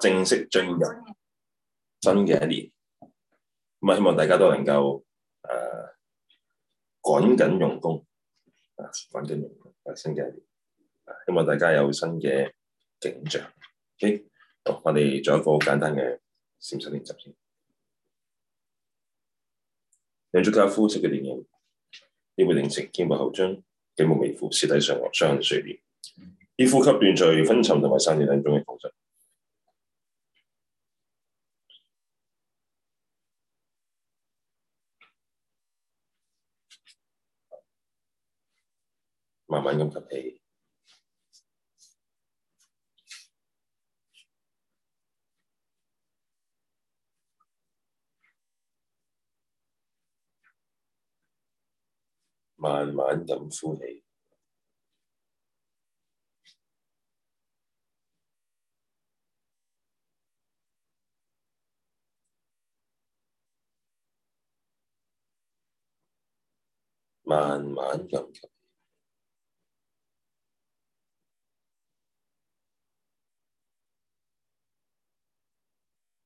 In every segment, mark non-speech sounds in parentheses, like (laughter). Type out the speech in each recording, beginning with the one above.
正式進入新嘅一年，咁啊，希望大家都能夠誒、呃、趕緊用功啊，趕緊用功喺新嘅一年，啊，希望大家有新嘅景象。OK，哦、我哋做一個簡單嘅禪修練習先。兩組教夫式嘅練習，腰部挺直，肩部後張，頸部微俯，舌抵上頰，雙眼垂線，啲呼吸斷續，昏沉同埋散亂等中嘅動作。慢慢咁吸氣，慢慢咁呼氣，慢慢咁吸。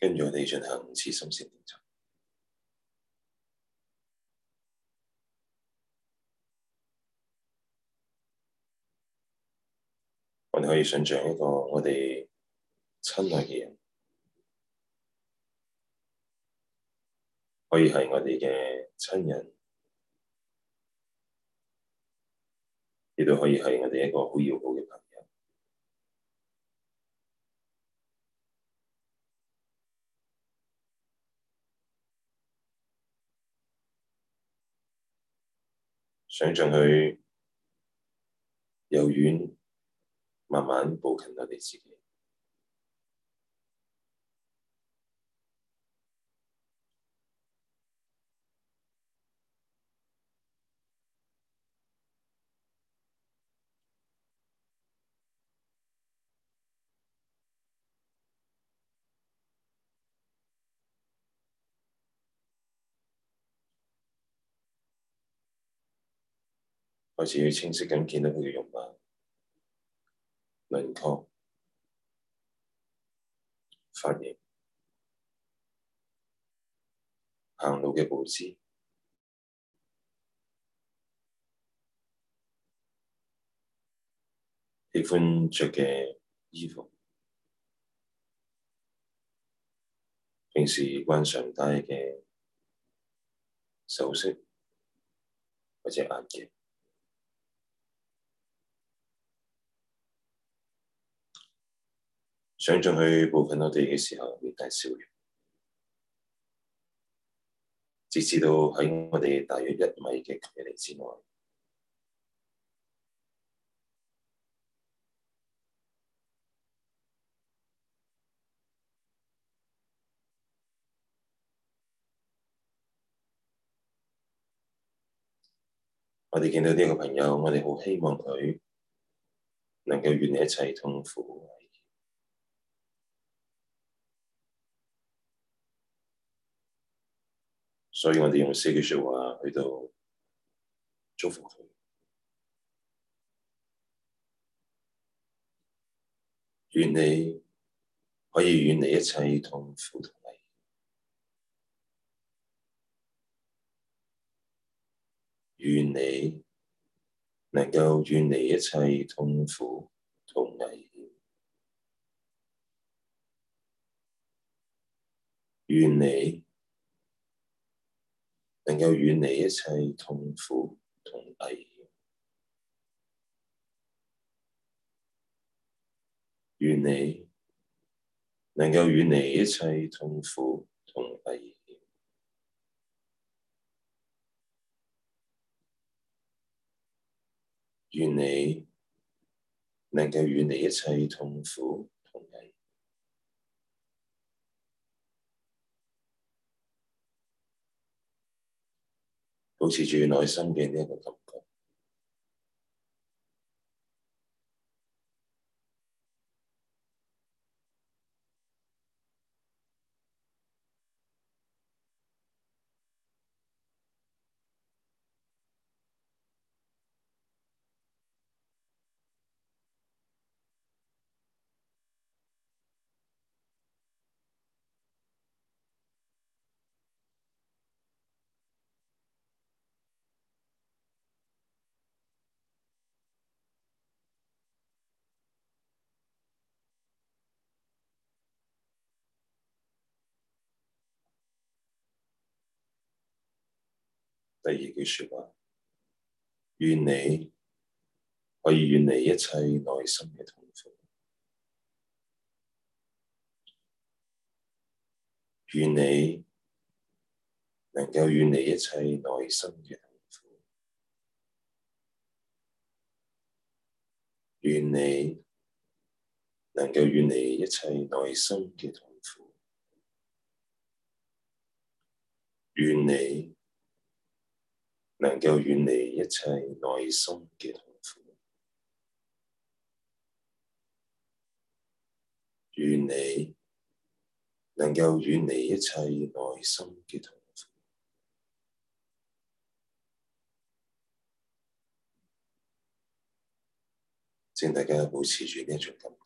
跟住我哋進行五次心聲練習，我哋可以想像一個我哋親愛嘅人，可以係我哋嘅親人，亦都可以係我哋一個友好要好嘅朋友。想進去，由遠慢慢步近我哋自己。開始要清晰緊，見到佢嘅容貌、明確髮型、行路嘅步姿、喜歡着嘅衣服、平時身上戴嘅首飾或者眼鏡。想進去部分我哋嘅時候，會帶笑容。直至到喺我哋大約一米嘅距離之外。我哋見到呢個朋友，我哋好希望佢能夠遠離一切痛苦。所以我哋用四句説話去到祝福佢，願你可以遠離一切痛苦同危險，願你能夠遠離一切痛苦同危險，願你，能夠遠離一切痛苦同危險，願你能夠遠離一切痛苦同危險，願你能夠遠離一切痛苦同危。保持住內心嘅呢一個感覺。第二句說話，願你可以遠離一切內心嘅痛苦，願你能夠遠離一切內心嘅痛苦，願你能夠遠離一切內心嘅痛苦，願你。能夠遠離一切內心嘅痛苦，願你能夠遠離一切內心嘅痛苦，請大家保持住呢種感覺。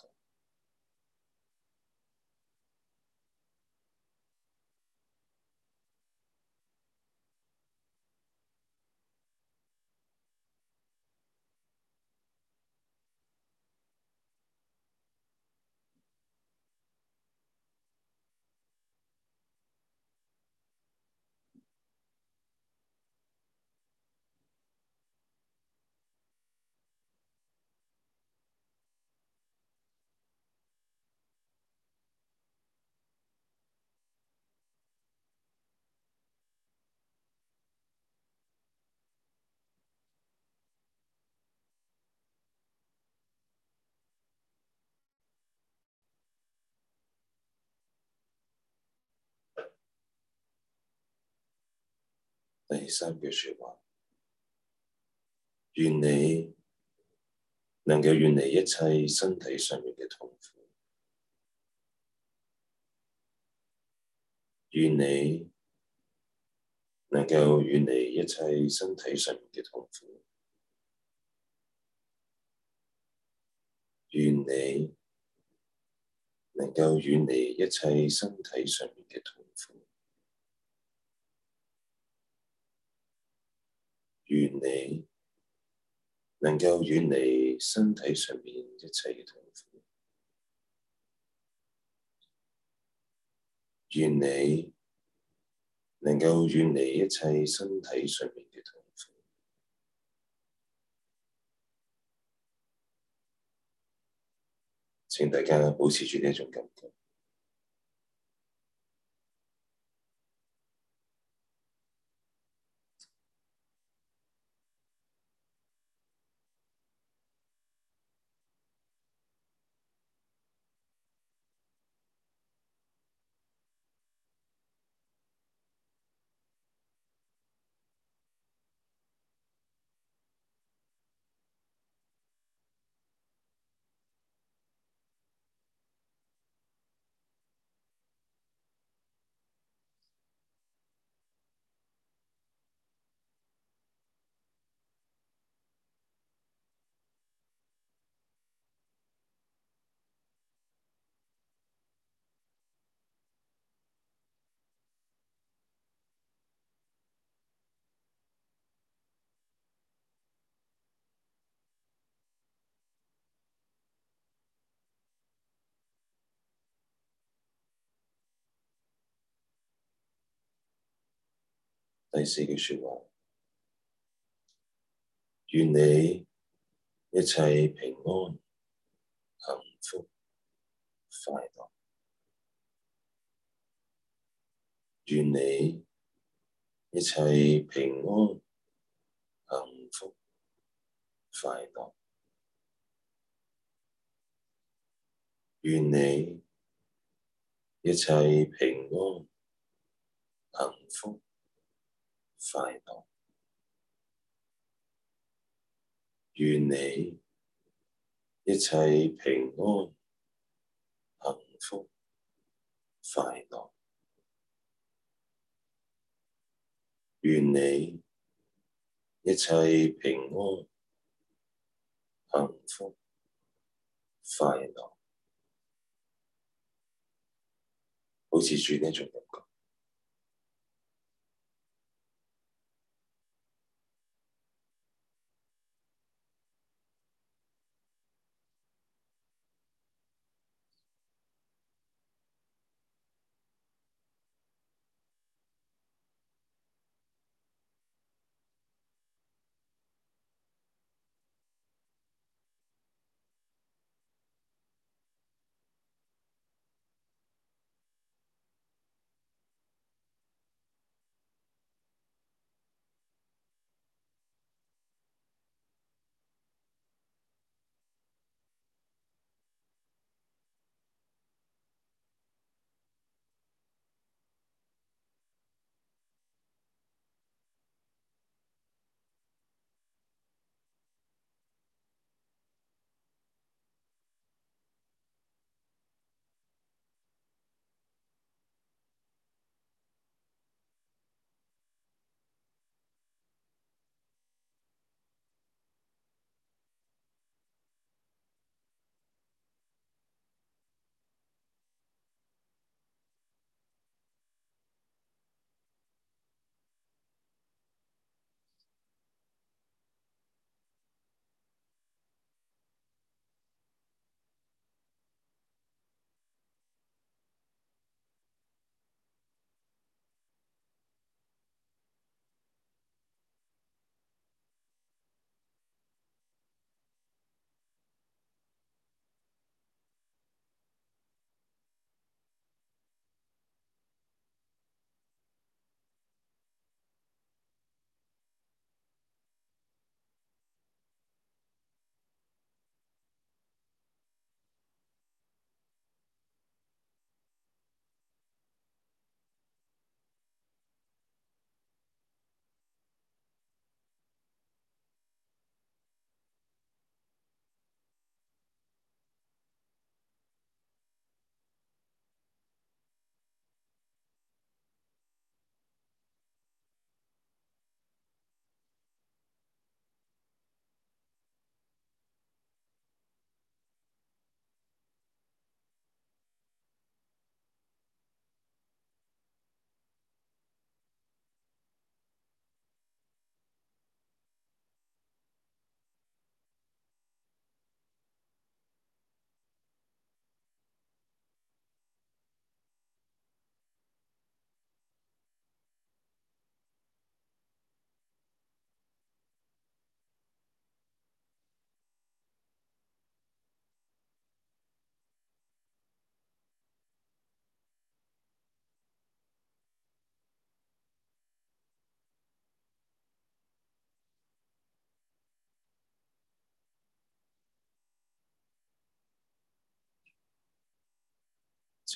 第三句說話：願你能夠遠離一切身體上面嘅痛苦，願你能夠遠離一切身體上面嘅痛苦，願你能夠遠離一切身體上面嘅痛苦。願你能夠遠離身體上面一切嘅痛苦，願你能夠遠離一切身體上面嘅痛苦，請大家保持住呢一種感覺。第四句說話：願你一切平安、幸福、快樂。願你一切平安、幸福、快樂。願你一切平安、幸福、快樂，願你一切平安、幸福、快樂。願你一切平安、幸福、快樂。好似住呢種感覺。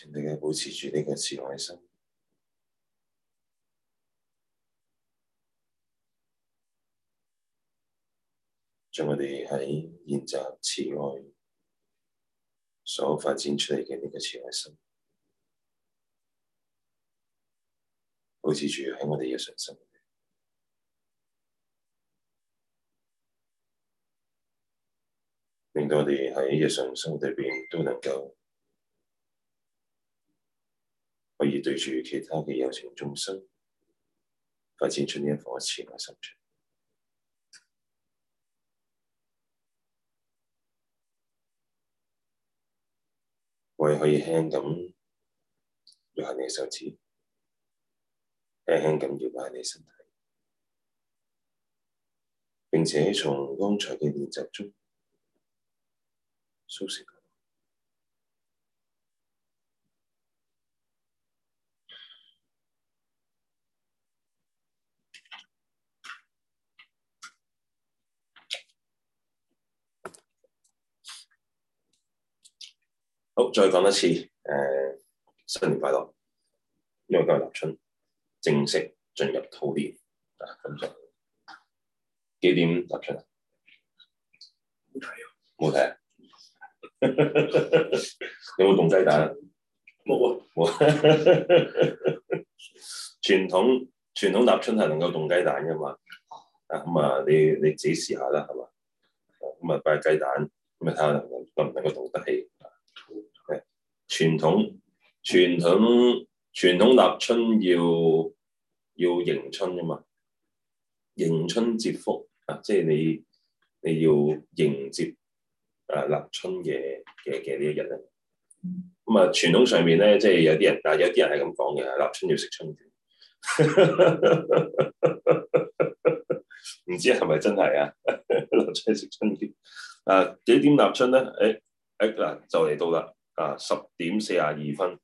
請大家保持住呢個慈愛心，將我哋喺練習慈愛所發展出嚟嘅呢個慈愛心，保持住喺我哋日常生活，令到我哋喺日常生活裏邊都能夠。而對住其他嘅有情眾生，發展出呢一顆慈愛心腸，我亦可以輕咁用下你手指，輕輕咁搖下你身體，並且從剛才嘅練習中好，再講一次，誒、啊，新年快樂！因為今日立春，正式進入兔年啊。咁、嗯、就幾點立春啊？冇睇冇睇啊！聽 (laughs) 你有冇棟雞蛋？冇啊，冇。 (laughs) 傳統傳統立春係能夠棟雞蛋㗎嘛？啊咁啊，你你自己試下啦，係嘛？咁啊，擺雞蛋咁啊，睇下能唔能夠棟得起。傳統傳統傳統立春要要迎春噶嘛，迎春接福啊！即係你你要迎接啊立春嘅嘅嘅呢一日啊。咁啊，傳統上面咧，即係有啲人啊，有啲人係咁講嘅，立春要食春卷。唔 (laughs) 知係咪真係啊？ (laughs) 立春要食春卷啊？幾點立春咧？誒誒嗱，就嚟到啦～啊，十點四十二分，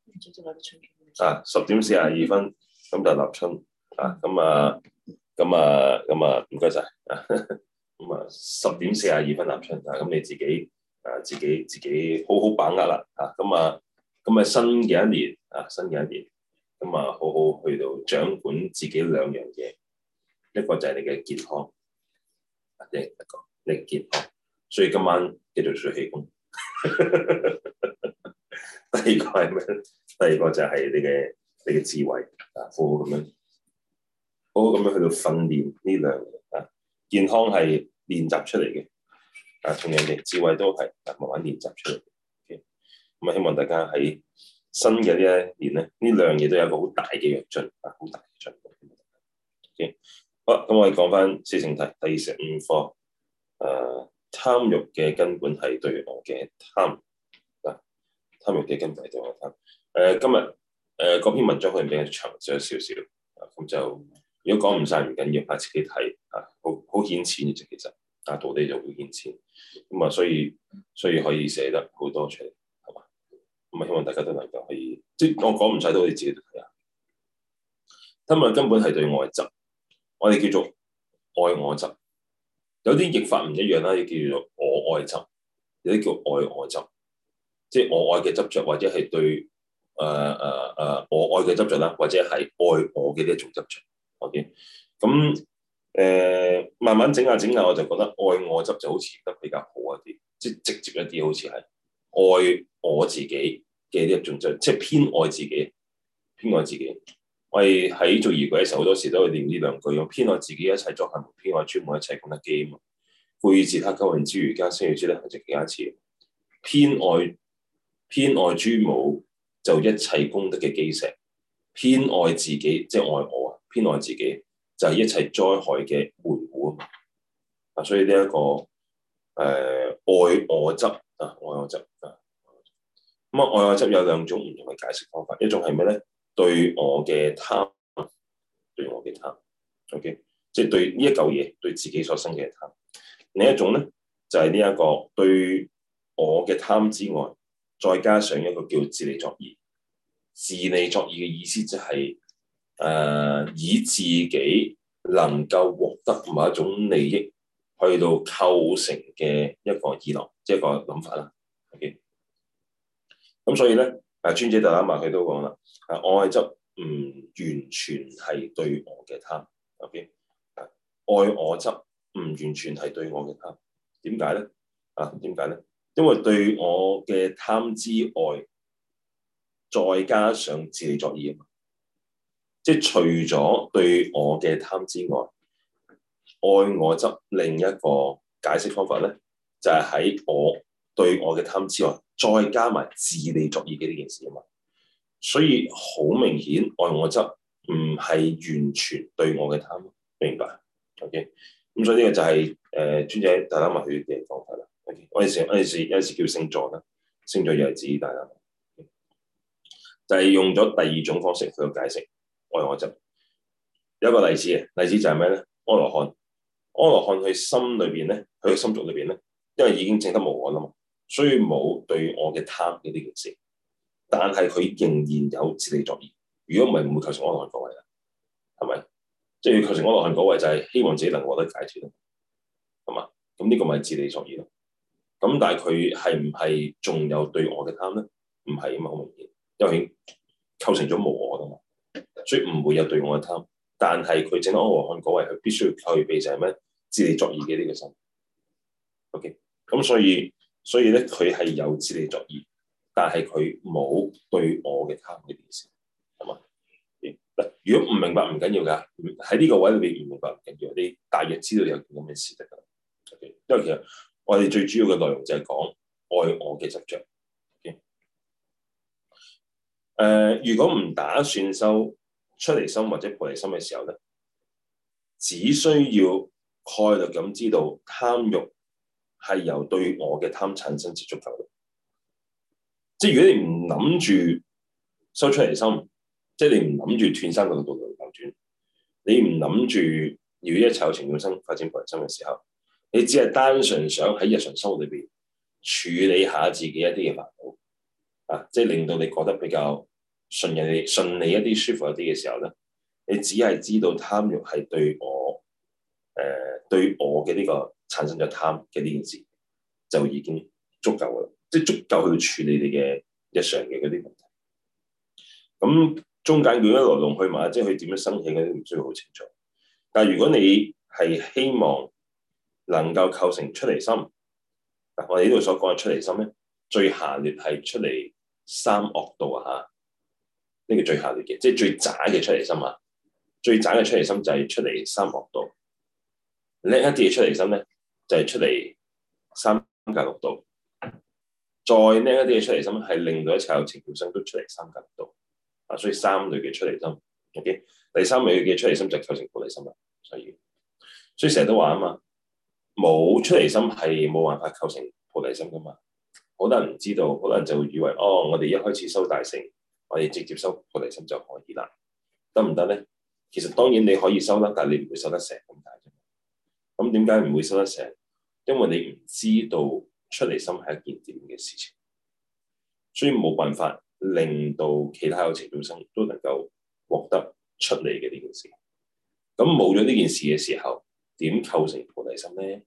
啊，十點四十二分，咁就立春啊，咁啊，咁啊，咁啊，唔該晒啊，咁啊，十點四十二分立春啊，咁你自己啊，自己自己好好把握啦，吓，咁啊，咁啊，新嘅一年啊，新嘅一年，咁啊，好好去到掌管自己兩樣嘢，一個，這個就係你嘅健康，啊，第一個，你健康，所以今晚繼續做氣功。 (laughs) 第二個係咩咧？第二個就係你嘅你嘅智慧啊，好好咁樣，好好咁樣去到訓練呢兩嘢啊。健康係練習出嚟嘅啊，同樣嘅智慧都係、啊、慢慢練習出嚟嘅。咁啊，希望大家喺新嘅呢一年咧，呢兩嘢都有一個好大嘅躍進啊，好大嘅躍進 okay? 好大嘅進步。好啦，咁我哋講返四聖諦，第二十五課誒。啊。貪欲嘅根本係對我嘅貪，啊貪欲嘅根本係對我貪。誒、啊、今日誒嗰篇文章可能比較長少少，啊咁就如果講唔晒唔緊要，啊、自己睇嚇，好好顯淺嘅啫，其實，啊到底就會顯淺，咁啊，啊所以所以可以寫得好多出嚟，係嘛？咁啊希望大家都能夠可以，即係我講唔晒都可以自己睇啊。貪欲根本係對我執，我哋叫做愛我執。有啲譯法唔一樣啦，亦叫做我愛執，有啲叫愛愛執，即係我愛嘅執着，或者係對誒誒誒我愛嘅執着，啦，或者係愛我嘅呢一種執着。O.K.，咁誒、呃、慢慢整下整下，我就覺得愛我執就好似得比較好一啲，即係直接一啲，好似係愛我自己嘅呢一種執，即係偏愛自己，偏愛自己。我係喺做易鬼嘅時候，好多時都會念呢兩句。我偏愛自己一齊作行；偏愛諸母一齊功德基啊。故意自他救行之餘，家星要之道係值幾多次。偏愛偏愛諸母，就一切功德嘅基石；偏愛自己，即、就、係、是、愛我啊！偏愛自己就係、是、一切災害嘅門戶啊！啊，所以呢、這、一個誒、呃、愛我執啊，愛我執啊，咁啊，愛我執有兩種唔同嘅解釋方法，一種係咩咧？對我嘅貪，對我嘅貪，OK，即係對呢一嚿嘢，對自己所生嘅貪。另一種咧，就係呢一個對我嘅貪之外，再加上一個叫自利作意。自利作意嘅意思就係、是、誒、呃，以自己能夠獲得某一種利益，去到構成嘅一個意樂，即、就、係、是、個諗法啦。OK，咁所以咧。啊，尊者特登問佢都講啦、okay? 啊，愛執唔完全係對我嘅貪，OK？啊，愛我執唔完全係對我嘅貪，點解咧？啊，點解咧？因為對我嘅貪之外，再加上自利作意，即係除咗對我嘅貪之外，愛我執另一個解釋方法咧，就係、是、喺我對我嘅貪之外。再加埋自利作意嘅呢件事啊嘛，所以好明顯愛我執唔係完全對我嘅貪，明白？OK，咁所以呢個就係誒尊者大家問佢嘅方法啦。OK，有陣時有陣時有陣時叫聖座啦，聖座又係指大家，okay? 就係用咗第二種方式去解釋愛我執。汁有一個例子啊，例子就係咩咧？阿羅漢，阿羅漢佢心裏邊咧，佢嘅心續裏邊咧，因為已經證得無我啦嘛。雖冇對我嘅貪嘅呢件事，但係佢仍然有自利作意。如果唔係，唔會構成阿羅漢位啦，係咪？即係要構成阿羅漢位，就係希望自己能獲得解脫啦，係嘛？咁呢個咪係自利作意咯。咁但係佢係唔係仲有對我嘅貪咧？唔係啊嘛，好明顯，因為構成咗無我啊嘛，所以唔會有對我嘅貪。但係佢整阿羅漢位，佢必須要具備就係咩自利作意嘅呢個心。OK，咁所以。所以咧，佢係有自利作意，但係佢冇對我嘅貪嗰件事，係嘛？嗱、嗯，如果唔明白唔緊要㗎，喺呢個位裏邊唔明白唔緊要，你大約知道有咁嘅事得㗎。Okay? 因為其實我哋最主要嘅內容就係講愛我嘅執著。誒、okay? 呃，如果唔打算修出離心或者菩提心嘅時候咧，只需要概略咁知道貪欲，係由對我嘅貪產生接觸到，即係如果你唔諗住修出離心，即係你唔諗住斷生嗰個道道轉，你唔諗住如果一切有情眾生發展個人生嘅時候，你只係單純想喺日常生活裏邊處理下自己一啲嘅煩惱，啊，即係令到你覺得比較順人哋順利一啲、舒服一啲嘅時候咧，你只係知道貪欲係對我誒、呃、對我嘅呢、呢個。產生咗貪嘅呢件事，就已經足夠啦，即係足夠去處理你嘅日常嘅嗰啲問題。咁中間嗰啲來龍去脈，即係佢點樣生起嗰啲唔需要好清楚。但係如果你係希望能夠構成出離心，嗱我哋呢度所講嘅出離心咧，最下劣係出離三惡道。啊！嚇，呢個最下劣嘅，即係最渣嘅出離心啊！最渣嘅出離心就係出離三惡道。叻一啲嘅出離心咧。就係出嚟三格六度，再拎一啲嘢出嚟，心樣係令到一切有情本身都出嚟三格六度，啊！所以三類嘅出嚟心，OK，第三類嘅出嚟心就構成菩提心啦。所以，所以成日都話啊嘛，冇出嚟心係冇辦法構成菩提心噶嘛。好多人唔知道，好多人就會以為哦，我哋一開始修大乘，我哋直接修菩提心就可以啦，得唔得咧？其實當然你可以修得，但係你唔會修得成咁大。咁點解唔會收得成？因為你唔知道出離心係一件點嘅事情，所以冇辦法令到其他有情眾生都能夠獲得出嚟嘅呢件事。咁冇咗呢件事嘅時候，點構成菩提心咧？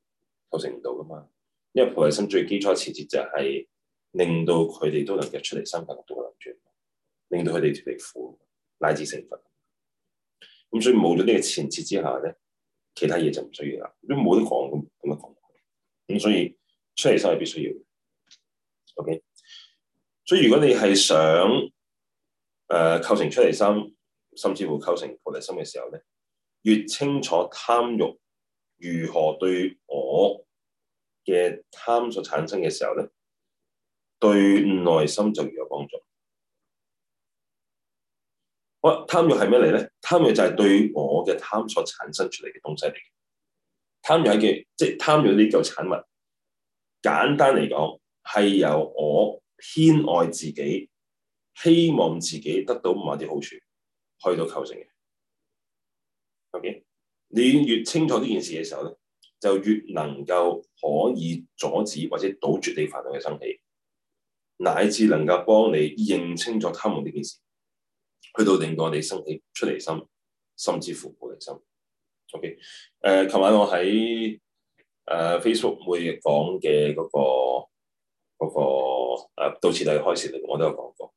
構成唔到噶嘛？因為菩提心最基礎嘅前提就係令到佢哋都能夠出離心，達到輪轉，令到佢哋脫離苦乃至成佛。咁所以冇咗呢個前提之下咧。其他嘢就唔需要啦，都冇得講，咁咁樣講。咁所以出離心係必須要，OK 嘅。嗯。所以，okay? 所以如果你係想誒、呃、構成出離心，甚至乎構成菩提心嘅時候咧，越清楚貪欲如何對我嘅貪所產生嘅時候咧，對內心就越有幫助。我貪欲係咩嚟咧？貪欲就係對我嘅貪所產生出嚟嘅東西嚟嘅。貪欲嘅即係貪欲呢嚿產物，簡單嚟講係由我偏愛自己，希望自己得到某啲好處去到構成嘅。OK，你越清楚呢件事嘅時候咧，就越能夠可以阻止或者杜絕你煩惱嘅生起，乃至能夠幫你認清楚貪欲呢件事。去到令到我哋升起出離心，甚至乎菩提心。OK，誒、呃，琴晚我喺誒、呃、Facebook 每日講嘅嗰個嗰、那個啊、道次第開示嚟，我都有講過。誒、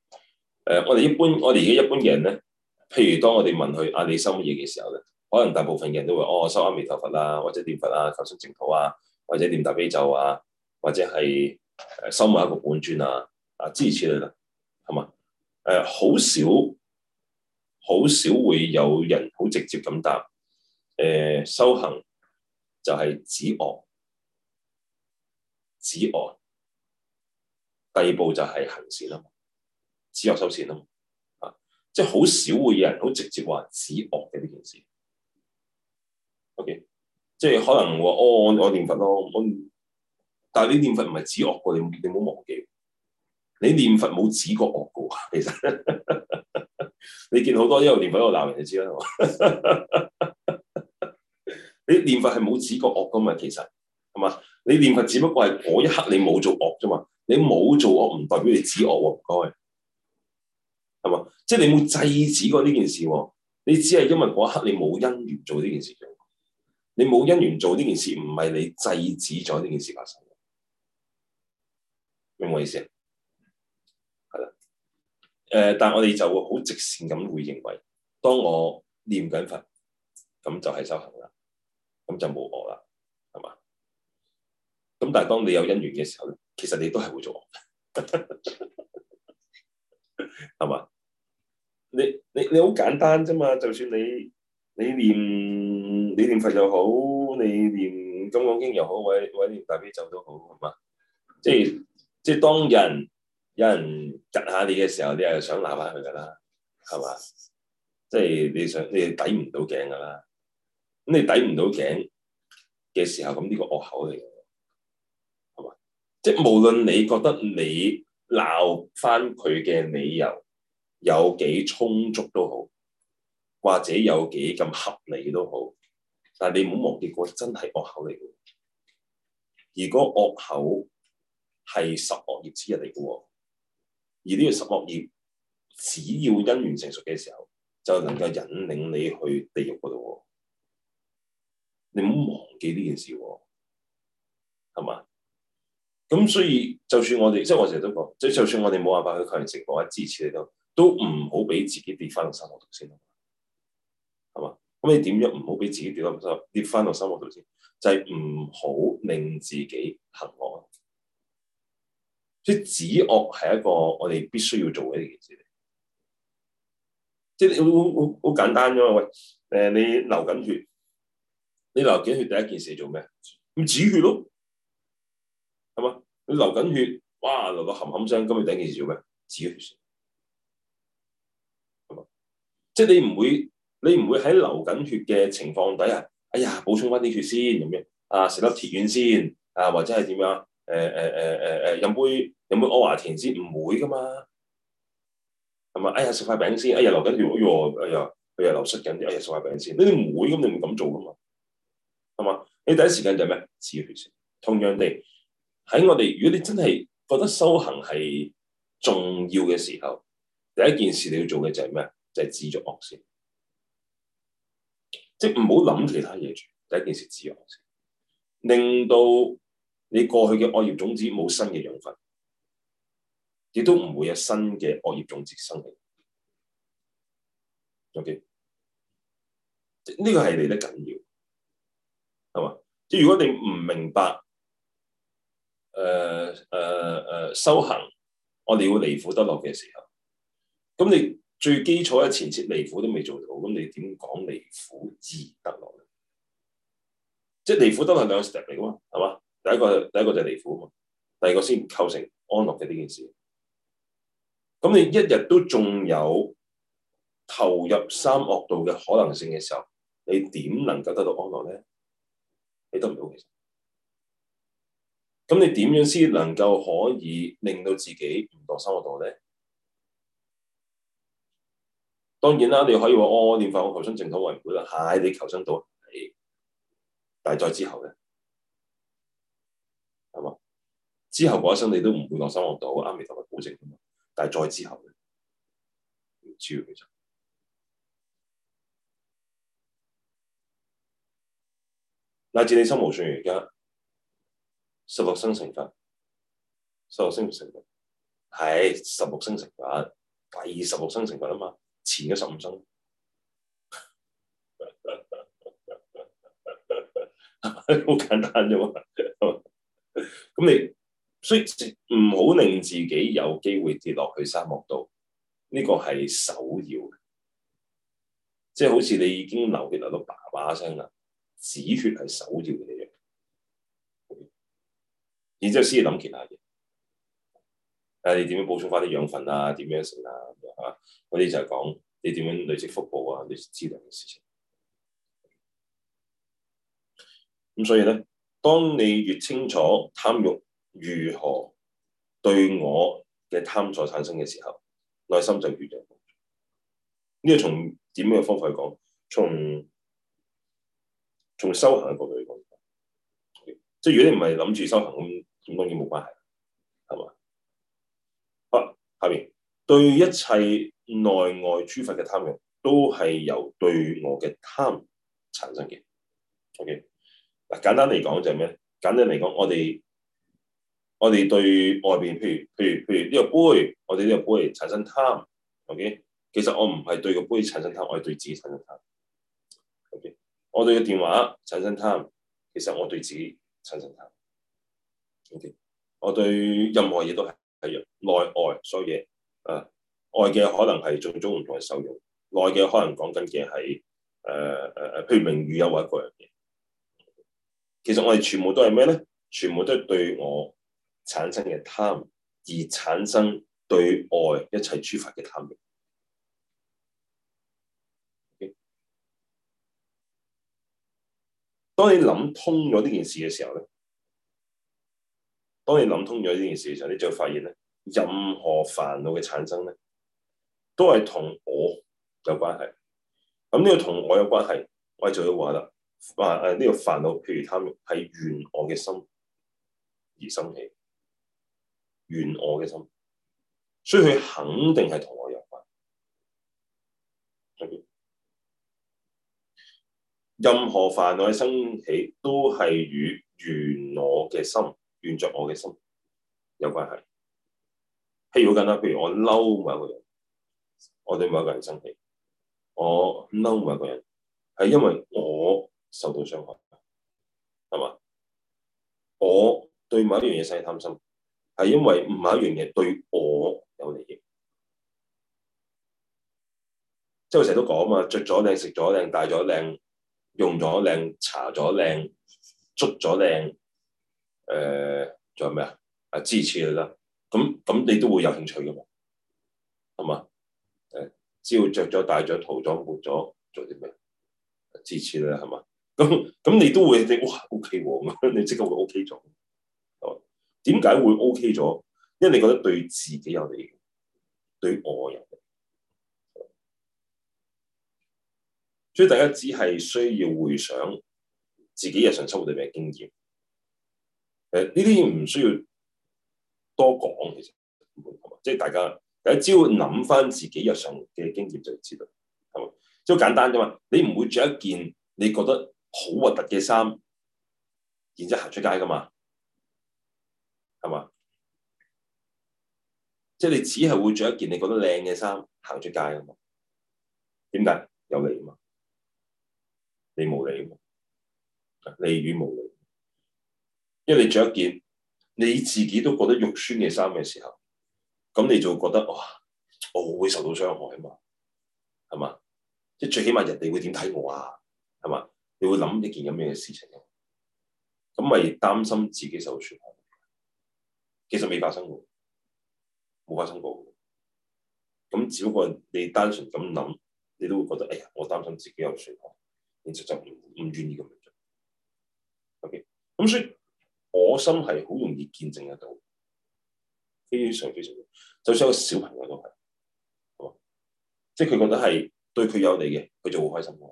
呃，我哋一般我哋而家一般嘅人咧，譬如當我哋問佢阿、啊、你修乜嘢嘅時候咧，可能大部分嘅人都會哦，我修阿彌陀佛啦，或者念佛啊，求生淨土啊，或者念大悲咒啊，或者係誒修埋一個本尊啊啊，支持你啦，係嘛？誒、呃，好少。好少會有人好直接咁答，誒、呃、修行就係止惡，止惡，第二步就係行善啦，止惡修善啦，啊，即係好少會有人好直接話止惡嘅呢件事。OK，即係可能話我我念佛咯，我但係呢念佛唔係止惡嘅，你你唔好忘記，你念佛冇止過惡嘅，其實。呵呵你見好多因為一路念佛一路鬧人，你知啦。 (laughs) 你念佛係冇指過惡噶嘛？其實係嘛？你念佛只不過係嗰一刻你冇做惡啫嘛？你冇做惡唔代表你指惡喎，唔該。係嘛？即、就、係、是、你冇制止過呢件事。你只係因為嗰一刻你冇因緣做呢件事啫。你冇因緣做呢件事，唔係你制止咗呢件事發生。明唔明意思？誒，但係我哋就會好直線咁會認為，當我念緊佛，咁就係修行啦，咁就冇我啦，係嘛？咁但係當你有因緣嘅時候咧，其實你都係會做我，係 (laughs) 嘛？你你你好簡單啫嘛！就算你你念你念佛又好，你念《金剛經》又好，或者或者念大悲咒都好，係嘛、嗯？即係即係當人，有人窒下你嘅時候，你又想鬧下佢噶啦，係嘛？即係你想你抵唔到頸噶啦。咁你抵唔到頸嘅時候，咁呢個惡口嚟嘅，係嘛？即係無論你覺得你鬧返佢嘅理由有幾充足都好，或者有幾咁合理都好，但係你唔好忘記過，個真係惡口嚟嘅。如果惡口係十惡業之一嚟嘅喎。而呢個十惡業，只要因緣成熟嘅時候，就能夠引領你去地獄嗰度。你唔好忘記呢件事，係嘛？咁所以，就算我哋即係我成日都講，即係就算我哋冇辦法去強行承諾或支持你都，都唔好俾自己跌翻落三惡道先啦。係嘛？咁你點樣唔好俾自己跌翻落三跌翻落三惡道先？就係唔好令自己行惡。即止惡係一個我哋必須要做嘅一件事嚟，即你好好好簡單啫嘛。喂，誒你流緊血，你流緊血第一件事做咩？咁止血咯，係嘛？你流緊血，哇流個含冚聲，咁樣第一件事做咩？止血，係嘛？即你唔會，你唔會喺流緊血嘅情況底下，哎呀補充翻啲血先咁樣，啊食粒鐵丸先，啊或者係點樣？誒誒誒誒誒，飲、哎哎哎、杯飲杯阿華田先，唔會噶嘛，係嘛？哎呀，食塊餅先，哎呀流緊血，哎呀，哎呀流出緊啲，哎呀食塊餅先，哎呀流緊血，哎呀佢又流失緊，哎呀食塊餅先，你唔會咁，你唔會咁做噶嘛，係嘛？你第一時間就係咩？止血先。同樣地，喺我哋，如果你真係覺得修行係重要嘅時候，第一件事你要做嘅就係咩？就係、是、止住惡先，即係唔好諗其他嘢住。第一件事止惡先，令到，你過去嘅惡業種子冇新嘅養分，亦都唔會有新嘅惡業種子生起。O.K. 呢個係嚟得緊要，係嘛？即係如果你唔明白，誒誒誒，修行我哋要離苦得樂嘅時候，咁你最基礎嘅前設離苦都未做到，咁你點講離苦至得樂咧？即係離苦得樂兩 step 嚟噶嘛，係嘛？第一個，第一個就係離苦啊嘛，第二個先構成安樂嘅呢件事。咁你一日都仲有投入三惡道嘅可能性嘅時候，你點能夠得到安樂咧？你得唔到嘅。其實咁你點樣先能夠可以令到自己唔墮三惡道咧？當然啦，你可以話哦，念佛、求生淨土，為唔會啦。係、哎、你求生到係，但係再之後咧？係嘛？之後嗰一生你都唔會落手落到啱啱同佢保證噶嘛。但係再之後呢，唔知其實乃至你心無信而家十六生成佛，十六生成佛係十六生成佛，第二十六生成佛啊嘛，前嘅十五生，好 (laughs) (laughs) 簡單啫嘛。咁你，所以唔好令自己有機會跌落去沙漠度，呢個係首要。即係好似你已經流血流到爸爸聲啦，止血係首要嘅嘢。然之後先諗其他嘢。啊，你點樣補充翻啲養分啊？點樣食啊？咁樣啊？啲就係講你點樣累積福報啊，你知類嘅事情。咁所以咧。當你越清楚貪慾如何對我嘅貪所產生嘅時候，內心就越有幫助。呢個從點樣嘅方法去講？從從修行嘅角度去講，okay? 即係如果你唔係諗住修行，咁咁當然冇關係，係嘛？好、啊，下面對一切內外諸法嘅貪慾，都係由對我嘅貪產生嘅。ok。嗱，簡單嚟講就係咩咧？簡單嚟講，我哋我哋對外邊，譬如譬如譬如呢個杯，我哋呢個杯產生貪，OK？其實我唔係對個杯產生貪，okay? 我係對，對自己產生貪，OK？我對個電話產生貪，其實我對自己產生貪，OK？我對任何嘢都係一樣，內外所有嘢，啊、呃，外嘅可能係種種唔同嘅受用，內嘅可能講緊嘅係誒誒誒，譬如名譽啊或者一個人嘅。其實我哋全部都係咩咧？全部都係對我產生嘅貪，而產生對外一切諸法嘅貪欲，okay? 當你諗通咗呢件事嘅時候咧，當你諗通咗呢件事嘅時候，你就會發現咧，任何煩惱嘅產生咧，都係同我有關係。咁呢個同我有關係，我係就要話啦。話誒，呢個煩惱，譬如貪，係緣我嘅心而生起，緣我嘅心，所以佢肯定係同我有關。任何煩惱嘅生起，都係與緣我嘅心、緣著我嘅心有關係。譬如好簡單，譬如我嬲某一個人，我對某一個人生氣，我嬲某一個人，係因為我受到傷害，係嘛？我對某一樣嘢起貪心，係因為某一樣嘢對我有利益。即係我成日都講啊嘛，着咗靚，食咗靚，戴咗靚，用咗靚，搽咗靚，捉咗靚。誒、呃，仲有咩啊？啊，支持你啦！咁咁，你都會有興趣嘅嘛？係嘛？誒，只要着咗、戴咗、塗咗、抹咗，做啲咩？支持你啦，係嘛？咁咁 (laughs) 你都會哇、OK 啊、你哇，O K 喎，咁你即刻會 O K 咗。點解會 O K 咗？因為你覺得對自己有利益，對我有利益。所以大家只係需要回想自己日常生活裏嘅經驗。誒，呢啲唔需要多講，其實即係大家只要諗翻自己日常嘅經驗就知道，係即係簡單啫嘛。你唔會着一件你覺得。好核突嘅衫，然之後行出街噶嘛，係嘛？即係你只係會着一件你覺得靚嘅衫行出街啊嘛？點解有你啊嘛？你冇理啊嘛？你與無理，無理。因為你着一件你自己都覺得肉酸嘅衫嘅時候，咁你就覺得哇，我會受到傷害啊嘛，係嘛？即係最起碼人哋會點睇我啊，係嘛？你會諗一件有咩事情啊？咁咪擔心自己受損害。其實未發生過，冇發生過。咁只不過你單純咁諗，你都會覺得哎呀，我擔心自己有損害，其實就唔唔願意咁樣做。O K，咁所以我心係好容易見證得到，非常非常就算個小朋友都係，係嘛，即係佢覺得係對佢有利嘅，佢就好開心噶，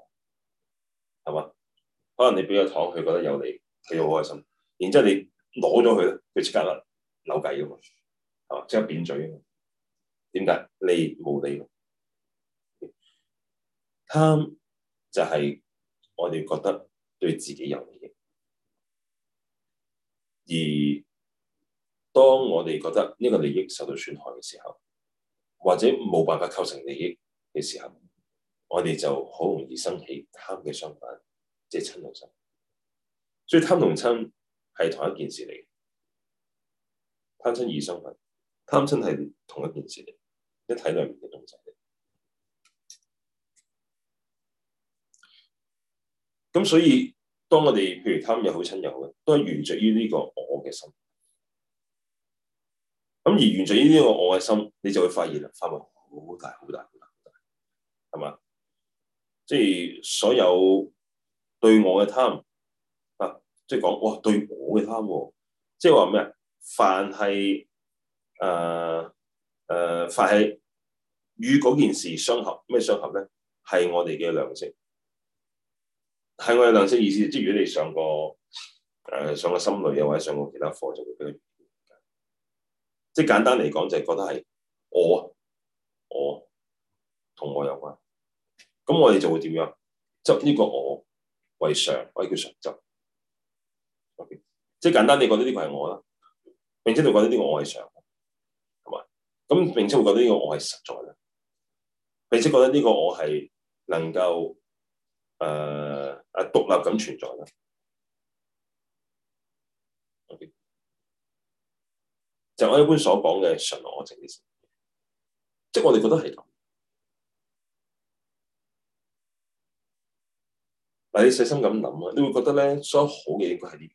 係嘛。可能你俾咗糖，佢覺得有利，佢好開心。然之後你攞咗佢咧，佢即刻扭計噶嘛，啊，即刻扁嘴。點解？你冇利，貪就係我哋覺得對自己有利益。而當我哋覺得呢個利益受到損害嘅時候，或者冇辦法構成利益嘅時候，我哋就好容易生起貪嘅想法。即親同親，所以貪同親係同一件事嚟。貪親而傷份，貪親係同一件事嚟，一體兩面嘅東西，咁所以，當我哋譬如貪有好親友，嘅，都係源着於呢個我嘅心。咁而源着於呢個我嘅心，你就會發現啊，範圍好大好大好大好大，係嘛？即係、就是、所有。對我嘅貪啊，即係講哇，對我嘅貪喎，即係話咩啊？凡係誒誒，凡係與嗰件事相合，咩相合咧？係我哋嘅量識，係我嘅量識意思。即係如果你上過誒、呃、上過心類或者上過其他課，就會比較。即係簡單嚟講，就係、是、覺得係我，我同我有關，咁我哋就會點樣執呢個我？為常可以叫常執，okay？即係簡單，你覺得呢個係我啦，並且會覺得呢個我係常係嘛？咁並且會覺得呢個我係實在啦。並且覺得呢個我係能夠誒啊獨立咁存在啦。Okay？就我一般所講嘅純我事，即係我哋覺得係嗱，但你細心咁諗啦，你會覺得咧，所有好嘅嘢應該係呢邊，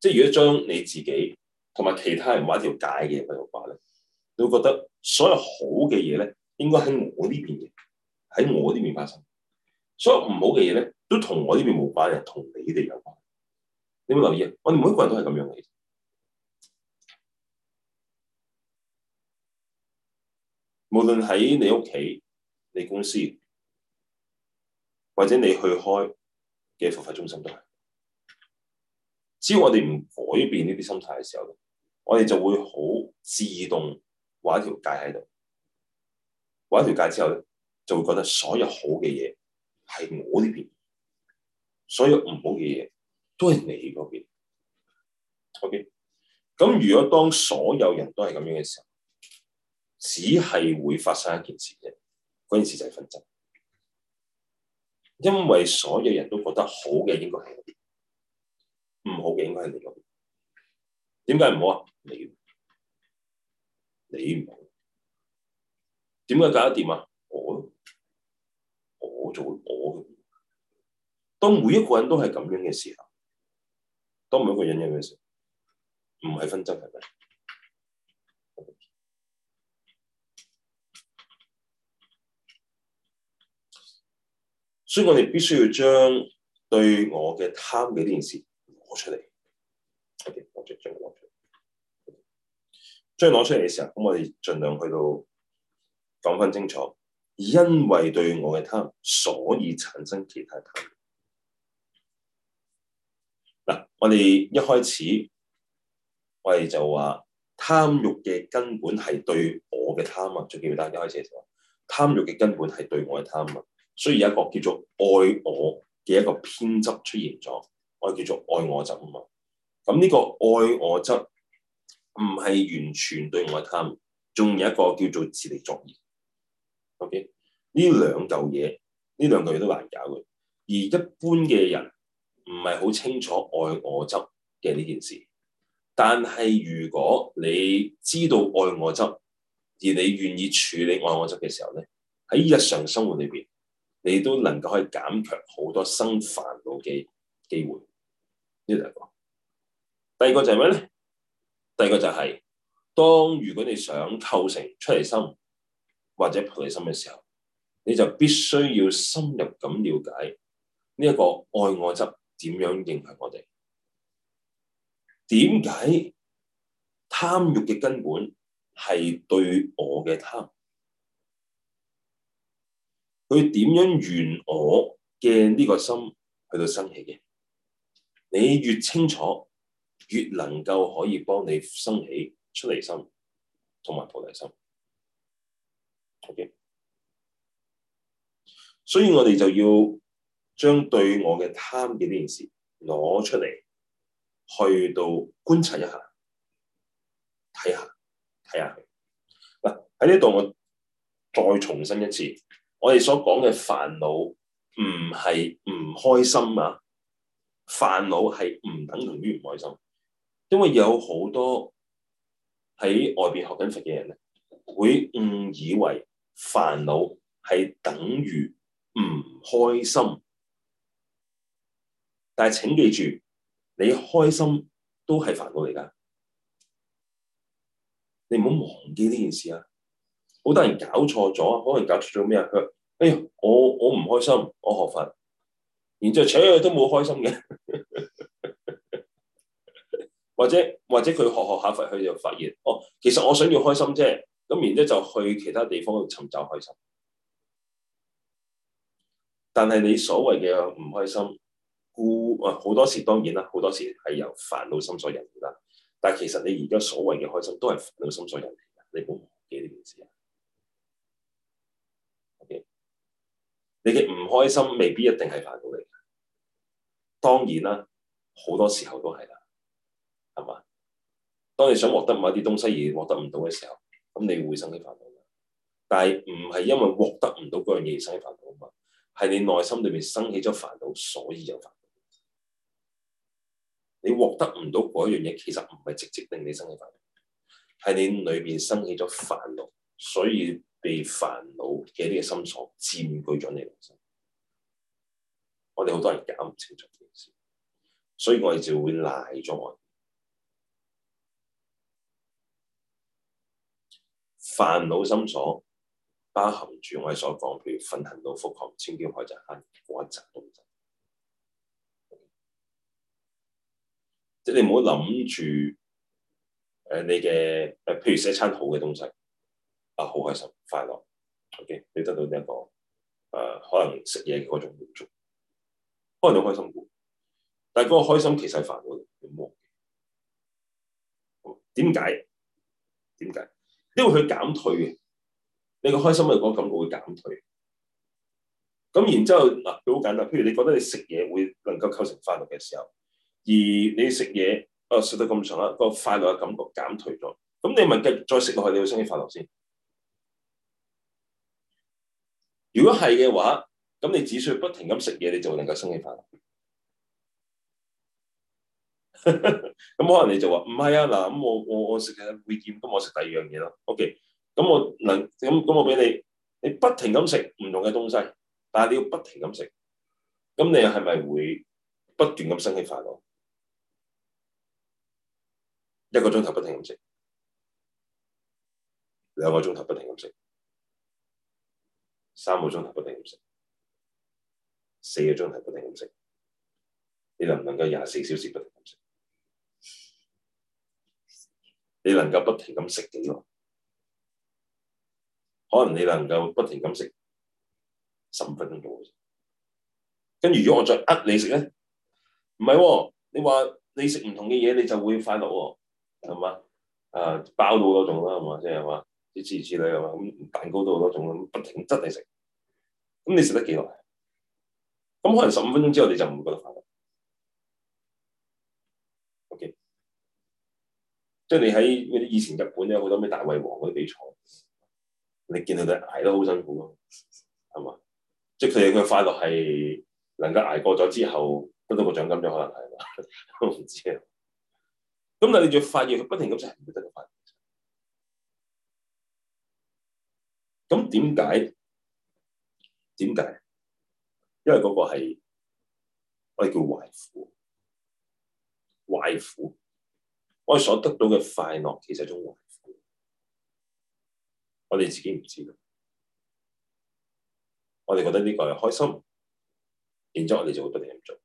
即係如果將你，你自己同埋其他人畫一條界嘅嘢，去畫咧，你會覺得所有好嘅嘢咧，應該喺我呢邊嘅，喺我呢邊發生，所有唔好嘅嘢咧，都同我呢邊冇關係，又同你哋有關。你有冇留意啊？我哋每個人都係咁樣嘅，無論喺你屋企、你公司。或者你去開嘅付費中心都係，只要我哋唔改變呢啲心態嘅時候，我哋就會好自動畫一條界喺度，畫一條界之後咧，就會覺得所有好嘅嘢係我呢邊，所有唔好嘅嘢都係你嗰邊。OK，咁如果當所有人都係咁樣嘅時候，只係會發生一件事啫，嗰件事就係紛爭。因為所有人都覺得好嘅應該係我啲，唔好嘅應該係你嗰邊。點解唔好啊？你你唔好，點解搞得掂啊？我我做我。當每一個人都係咁樣嘅時候，當每一個人都係嘅時候，唔係紛爭係咪？所以我哋必須要將對我嘅貪嘅呢件事攞出嚟。好、okay，嘅，將攞出嚟。將攞出嚟嘅時候，咁我哋盡量去到講翻清楚。因為對我嘅貪，所以產生其他貪。嗱，我哋一開始我哋就話貪欲嘅根本係對我嘅貪啊！最緊要大家開始就話貪欲嘅根本係對我嘅貪啊！所以有一個叫做愛我嘅一個偏執出現咗，我叫做愛我執啊嘛，咁呢個愛我執唔係完全對我嘅貪，仲有一個叫做自利作意。OK，呢兩嚿嘢，呢兩嚿嘢都難搞嘅。而一般嘅人唔係好清楚愛我執嘅呢件事，但係如果你知道愛我執，而你願意處理愛我執嘅時候咧，喺日常生活裏邊。你都能夠去減卻好多生煩惱嘅機會，呢個第一個。第二個就係咩咧？第二個就係、是，當如果你想構成出離心，或者菩提心嘅時候，你就必須要深入咁了解呢一、這個愛我執點樣影響我哋。點解貪欲嘅根本係對我嘅貪？佢點樣緣我嘅呢個心去到生起嘅？你越清楚，越能夠可以幫你生起出嚟心出離心同埋菩提心。好嘅，所以我哋就要將對我嘅貪嘅呢件事攞出嚟，去到觀察一下，睇下睇下佢，嗱，喺呢度，我再重申一次。我哋所講嘅煩惱唔係唔開心啊！煩惱係唔等同於唔開心，因為有好多喺外邊學緊佛嘅人咧，會誤以為煩惱係等於唔開心。但係請記住，你開心都係煩惱嚟噶，你唔好忘記呢件事啊！好多人搞錯咗，可能搞錯咗咩啊？哎呀，我我唔開心，我學佛，然之後咗佢、哎、都冇開心嘅， (laughs) 或者或者佢學學下佛，佢就發現哦，其實我想要開心啫，咁然之後就去其他地方去尋找開心。但係你所謂嘅唔開心，故啊好多時當然啦，好多時係由煩惱心所引起啦。但係其實你而家所謂嘅開心，都係煩惱心所引起嘅，你冇忘記呢件事你嘅唔開心未必一定係煩惱嚟，當然啦，好多時候都係啦，係嘛？當你想獲得某一啲東西而獲得唔到嘅時候，咁你會生起煩惱。但係唔係因為獲得唔到嗰樣嘢而生起煩惱啊嘛？係你內心裏面生起咗煩惱，所以有煩惱。你獲得唔到嗰樣嘢，其實唔係直接令你生起煩惱，係你裏面生起咗煩惱，所以。被煩惱嘅呢啲心所佔據咗你個心，我哋好多人搞唔清楚呢件事，所以我哋就會賴咗我。煩惱心所包含住我哋所講，譬如憤恨到複合千千海盵，係冇一盵都唔得。即係你唔好諗住誒你嘅誒，譬如食一餐好嘅東西。啊，好開心，快樂，OK，你得到呢、這、一個誒、呃，可能食嘢嗰種滿足，可能好開心嘅，但係嗰個開心其實煩惱嘅。點解？點解？因為佢減退嘅，你個開心嘅嗰個感覺會減退。咁然之後嗱，佢、啊、好簡單，譬如你覺得你食嘢會能夠構成快樂嘅時候，而你食嘢，啊，食得咁長啦，個快樂嘅感覺減退咗，咁你咪繼續再食落去，你會升起快樂先。如果係嘅話，咁你只需要不停咁食嘢，你就會能夠生起快樂。咁 (laughs) 可能你就話唔係啊，嗱咁我我我食嘅會厭，咁我食第二樣嘢咯。OK，咁我能咁咁我俾你，你不停咁食唔同嘅東西，但係你要不停咁食，咁你係咪會不斷咁生起快樂？一個鐘頭不停咁食，兩個鐘頭不停咁食。三個鐘頭不停咁食，四個鐘頭不停咁食，你能唔能夠廿四小時不停咁食？你能夠不停咁食幾耐？可能你能夠不停咁食十五分鐘到。跟住如果我再呃你食咧，唔係喎？你話你食唔同嘅嘢你就會快樂喎，哦，係嘛？啊、呃，包到嗰種啦，係嘛，即係係嘛？就是啲黐黐女啊嘛，咁蛋糕都好多種，咁不停執嚟食，咁你食得幾耐啊？咁可能十五分鐘之後你就唔覺得快樂。O K，即係你喺以前日本有好多咩大胃王嗰啲比賽，你見到佢捱得好辛苦咯，係嘛？即係佢哋嘅快樂係能夠捱過咗之後得到個獎金就可能係啦，我唔知咁但係你就發現佢不停咁食唔會得個快。咁點解？點解？因為嗰個係我哋叫壞苦，壞苦，我哋所得到嘅快樂其實係一種壞苦，我哋自己唔知嘅。我哋覺得呢個係開心，然之後我哋就會不停咁做。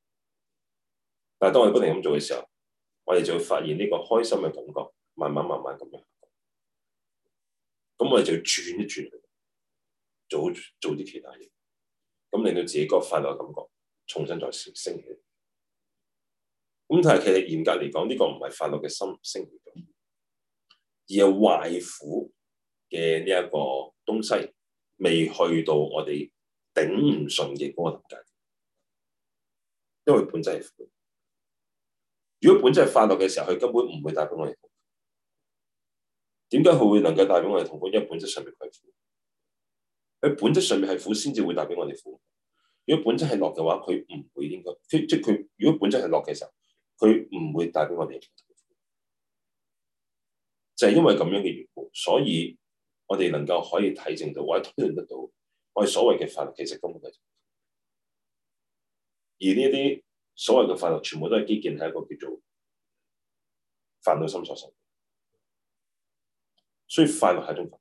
但係當我哋不停咁做嘅時候，我哋就會發現呢個開心嘅感覺慢慢慢慢咁樣，咁我哋就會轉一轉。做做啲其他嘢，咁令到自己個快樂感覺重新再升起。咁但係其實嚴格嚟講，呢個唔係快樂嘅心升起，而係壞苦嘅呢一個東西未去到我哋頂唔順嘅嗰個境界。因為本質係苦。如果本質係快樂嘅時候，佢根本唔會帶俾我哋痛苦。點解佢會能夠帶俾我哋痛苦？因為本質上面佢苦。佢本質上面係苦，先至會帶俾我哋苦。如果本質係樂嘅話，佢唔會應該，即即佢如果本質係樂嘅時候，佢唔會帶俾我哋。就係因為咁樣嘅緣故，所以我哋能夠可以體證到或者推論得到，我哋所謂嘅快樂其實根本係。而呢一啲所謂嘅快樂，全部都係基建喺一個叫做快樂心所上面。所以快樂係一種。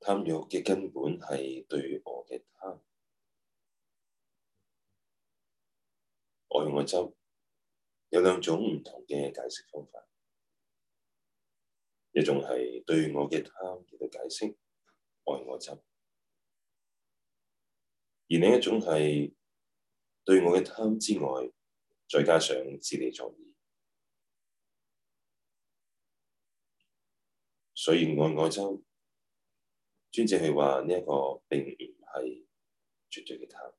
貪欲嘅根本係對我嘅貪，愛我執有兩種唔同嘅解釋方法。一種係對我嘅貪嚟解釋愛我執，而另一種係對我嘅貪之外，再加上自利作意。所以愛我執。尊者佢話呢一個並唔係絕對嘅貪，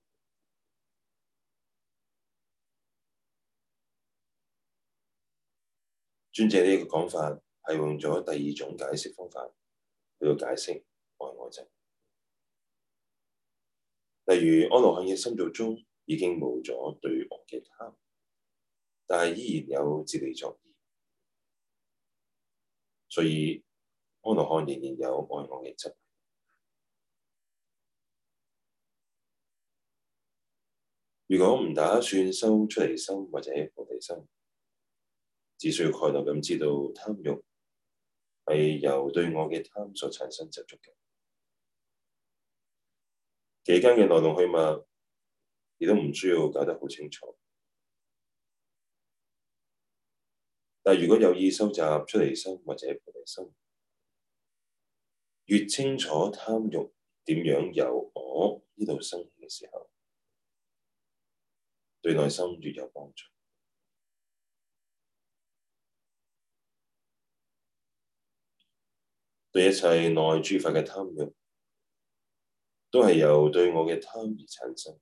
尊者呢個講法係用咗第二種解釋方法去到解釋愛我執。例如阿羅漢嘅心續中已經冇咗對我嘅貪，但係依然有自利作意，所以阿羅漢仍然有愛我嘅執。如果唔打算修出離心或者菩提心，只需要概略咁知道貪欲係由對我嘅貪所產生執著嘅，其間嘅來龍去脈亦都唔需要搞得好清楚。但如果有意修習出離心或者菩提心，越清楚貪欲點樣由我呢度生嘅時候。對內心越有幫助，對一切內外諸法嘅貪欲，都係由對我嘅貪而產生。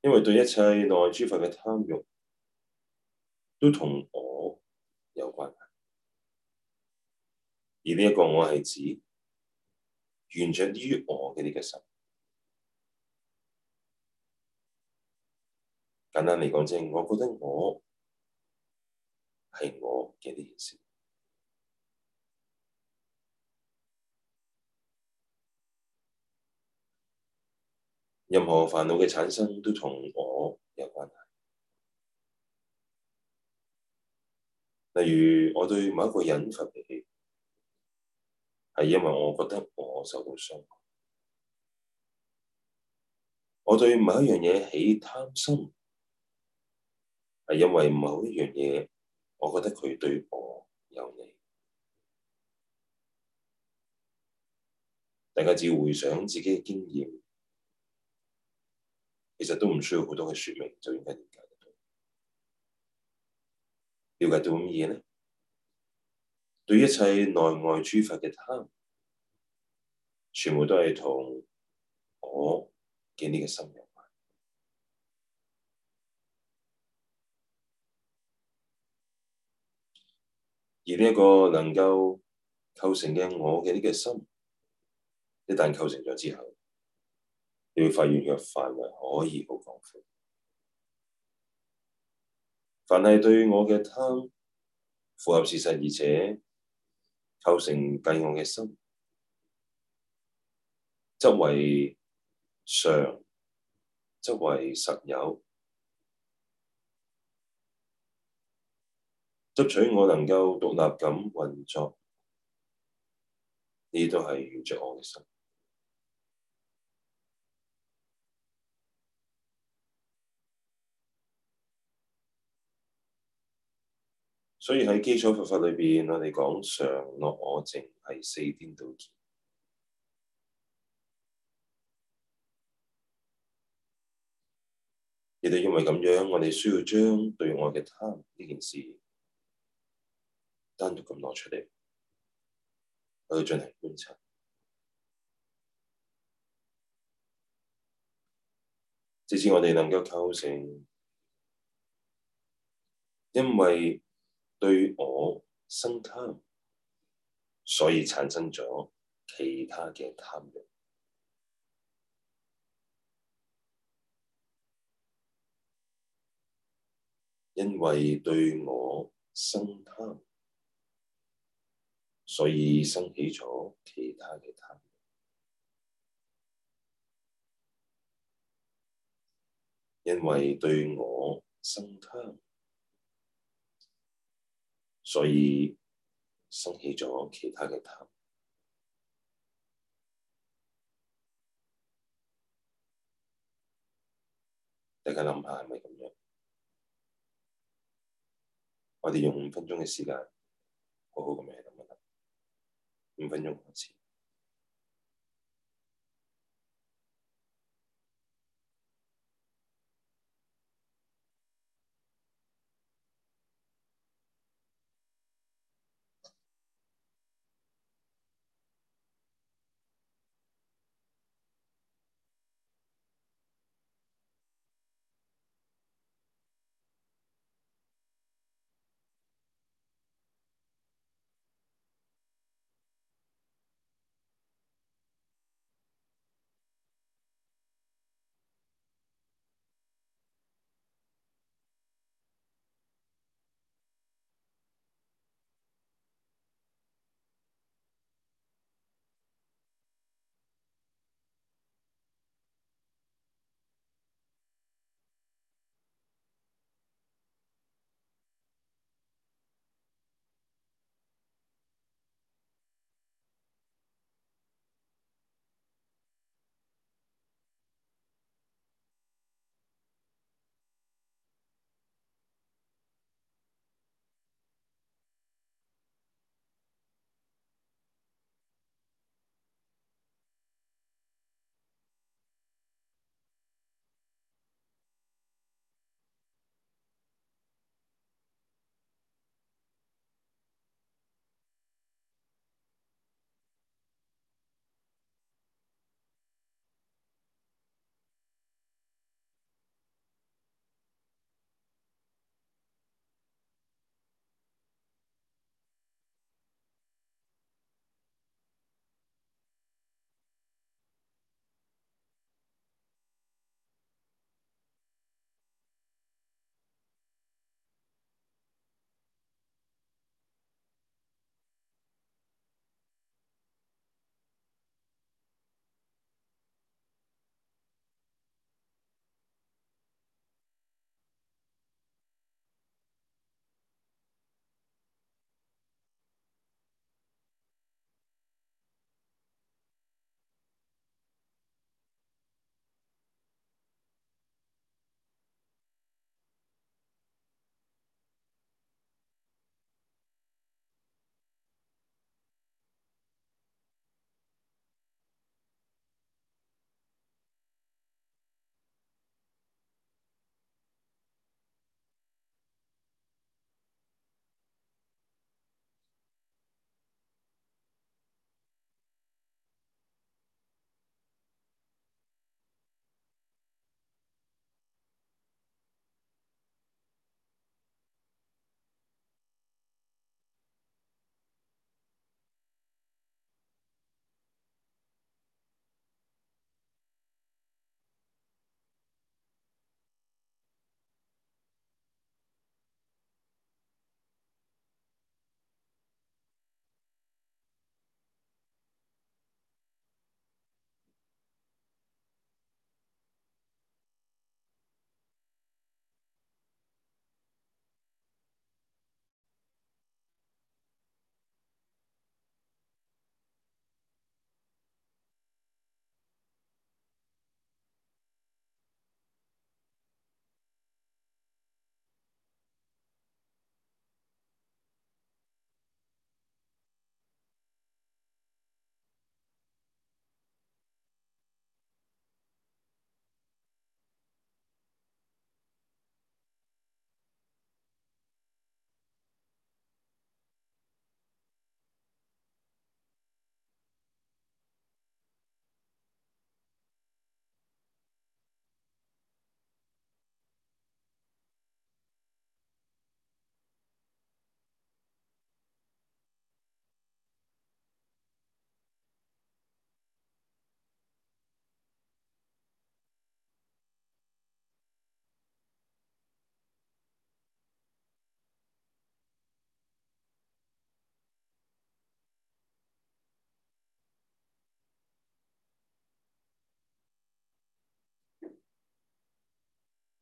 因為對一切內外諸法嘅貪欲，都同我有關而呢一個，我係指。源自於我嘅呢個心，簡單嚟講啫，我覺得我係我嘅呢件事，任何煩惱嘅產生都同我有關係。例如，我對某一個人發脾氣。係因為我覺得我受到傷害，我對某一樣嘢起貪心，係因為某一樣嘢，我覺得佢對我有利。大家只要回想自己嘅經驗，其實都唔需要好多嘅說明，就應該了解得到。了解到乜嘢呢？對一切內外諸法嘅貪，全部都係同我嘅呢個心有關。而呢一個能夠構成嘅我嘅呢個心，一旦構成咗之後，你會發現佢嘅範圍可以好廣闊。凡係對我嘅貪、符合事實，而且構成計我嘅心，執為常，執為實有，執取我能夠獨立咁運作，呢都係緣著我嘅心。所以喺基礎佛法裏邊，我哋講常樂我淨係四顛倒字。亦都因為咁樣，我哋需要將對我嘅貪呢件事單獨咁攞出嚟去進行觀察，直至我哋能夠構成，因為。對我生貪，所以產生咗其他嘅貪欲。因為對我生貪，所以生起咗其他嘅貪欲。因為對我生貪。所以生起咗其他嘅貪，大家諗下係咪咁樣？我哋用五分鐘嘅時間，好好咁樣嘅問題。五分鐘開始。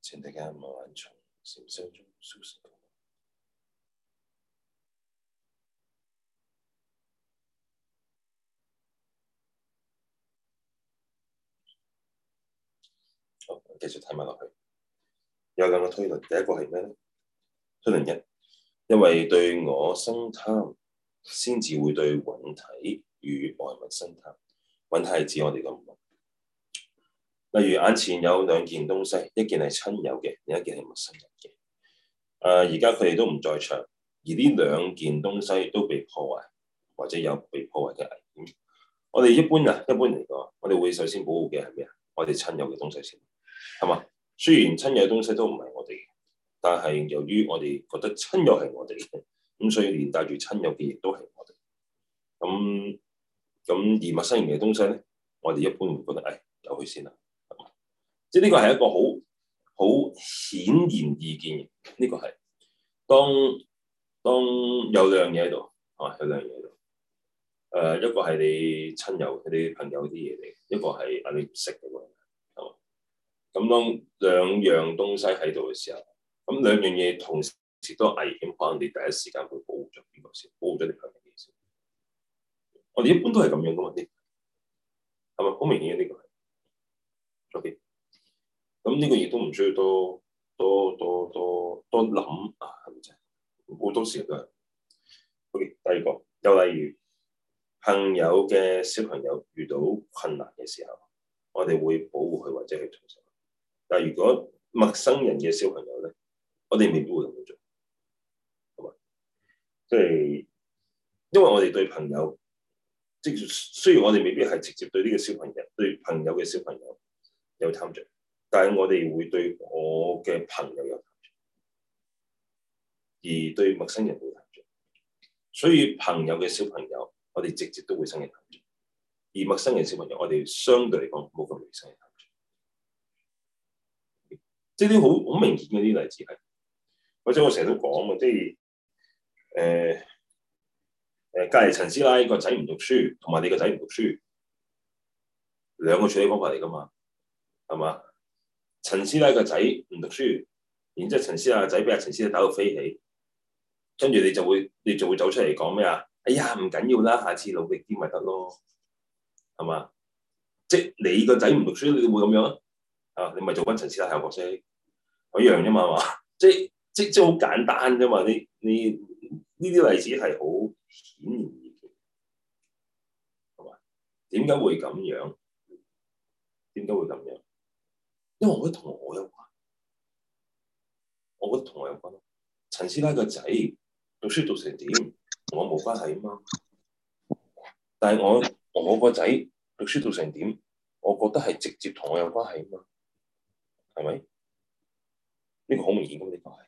請大家慢慢從，笑聲中住，先好，繼續睇埋落去。有兩個推論，第一個係咩咧？推論一，因為對我生貪，先至會對蘊體與外物生貪。蘊體係指我哋嘅五。例如眼前有兩件東西，一件係親友嘅，另一件係陌生人嘅。誒、呃，而家佢哋都唔在場，而呢兩件東西都被破壞，或者有被破壞嘅危險。我哋一般啊，一般嚟講，我哋會首先保護嘅係咩啊？我哋親友嘅東西先，係嘛？雖然親友嘅東西都唔係我哋嘅，但係由於我哋覺得親友係我哋嘅，咁所以連帶住親友嘅亦都係我哋。咁咁而陌生人嘅東西咧，我哋一般會覺得，誒、哎，由佢先啦。即係呢個係一個好好顯然易見嘅，呢、這個係當當有兩樣嘢喺度，啊有兩樣嘢喺度，誒、呃、一個係你親友、你朋友啲嘢嚟，一個係啊你唔識嘅係嘛？咁、嗯、當兩樣東西喺度嘅時候，咁兩樣嘢同時都危險，可能你第一時間去保護咗邊個先，保護咗你朋友先。我哋一般都係咁樣噶嘛啲，係咪好明顯呢、這個係，ok。咁呢個亦都唔需要多多多多多諗啊，係咪？好多時都係。好、okay，第二個又例如朋友嘅小朋友遇到困難嘅時候，我哋會保護佢或者佢逃生。但係如果陌生人嘅小朋友咧，我哋未必會咁做，係嘛？即係因為我哋對朋友，即係雖然我哋未必係直接對呢個小朋友，對朋友嘅小朋友有貪著。但係我哋會對我嘅朋友有貪著，而對陌生人冇貪著。所以朋友嘅小朋友，我哋直接都會生人貪著；而陌生人小朋友，我哋相對嚟講冇咁容易生貪著。即係啲好好明顯嘅啲例子係，或者我成日都講嘅，即係誒誒，隔籬陳師奶個仔唔讀書，同埋你個仔唔讀書，兩個處理方法嚟噶嘛，係嘛？陳師奶個仔唔讀書，然之後陳師奶個仔俾阿陳師奶打到飛起，跟住你就會，你就會走出嚟講咩啊？哎呀，唔緊要啦，下次努力啲咪得咯，係嘛？即係你個仔唔讀書，你會咁樣啊？啊，你咪做翻陳師奶校角色，一樣啫嘛嘛，即係即即係好簡單啫嘛？呢呢呢啲例子係好顯而易見，係嘛？點解會咁樣？點解會咁樣？因為我覺得同我有關，我覺得同我有關咯。陳師奶個仔讀書讀成點，同我冇關係啊嘛。但係我我個仔讀書讀成點，我覺得係直接同我有關係啊嘛。係咪？呢個好明顯噶，呢個係。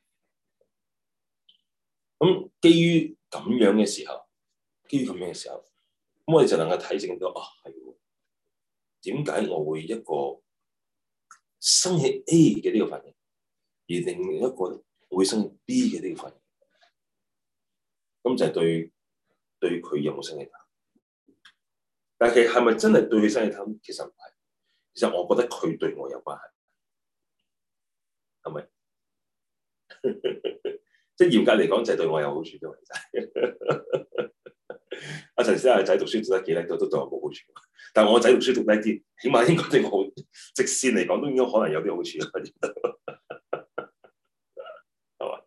咁基於咁樣嘅時候，基於咁樣嘅時候，咁我哋就能夠體證到啊，係點解我會一個？生起 A 嘅呢個反應，而另一個咧會生 B 嘅呢個反應？咁就對對佢有冇生氣唞？但係其實係咪真係對佢生氣唞？其實唔係，其實我覺得佢對我有關係，係咪？即 (laughs) 係嚴格嚟講，就係、對我有好處嘅，其實。阿陳師奶個仔讀書讀得幾叻，都對我冇好處。但係我個仔讀書讀低啲，起碼應該對我直綫嚟講，都應該可能有啲好處啦。好啊。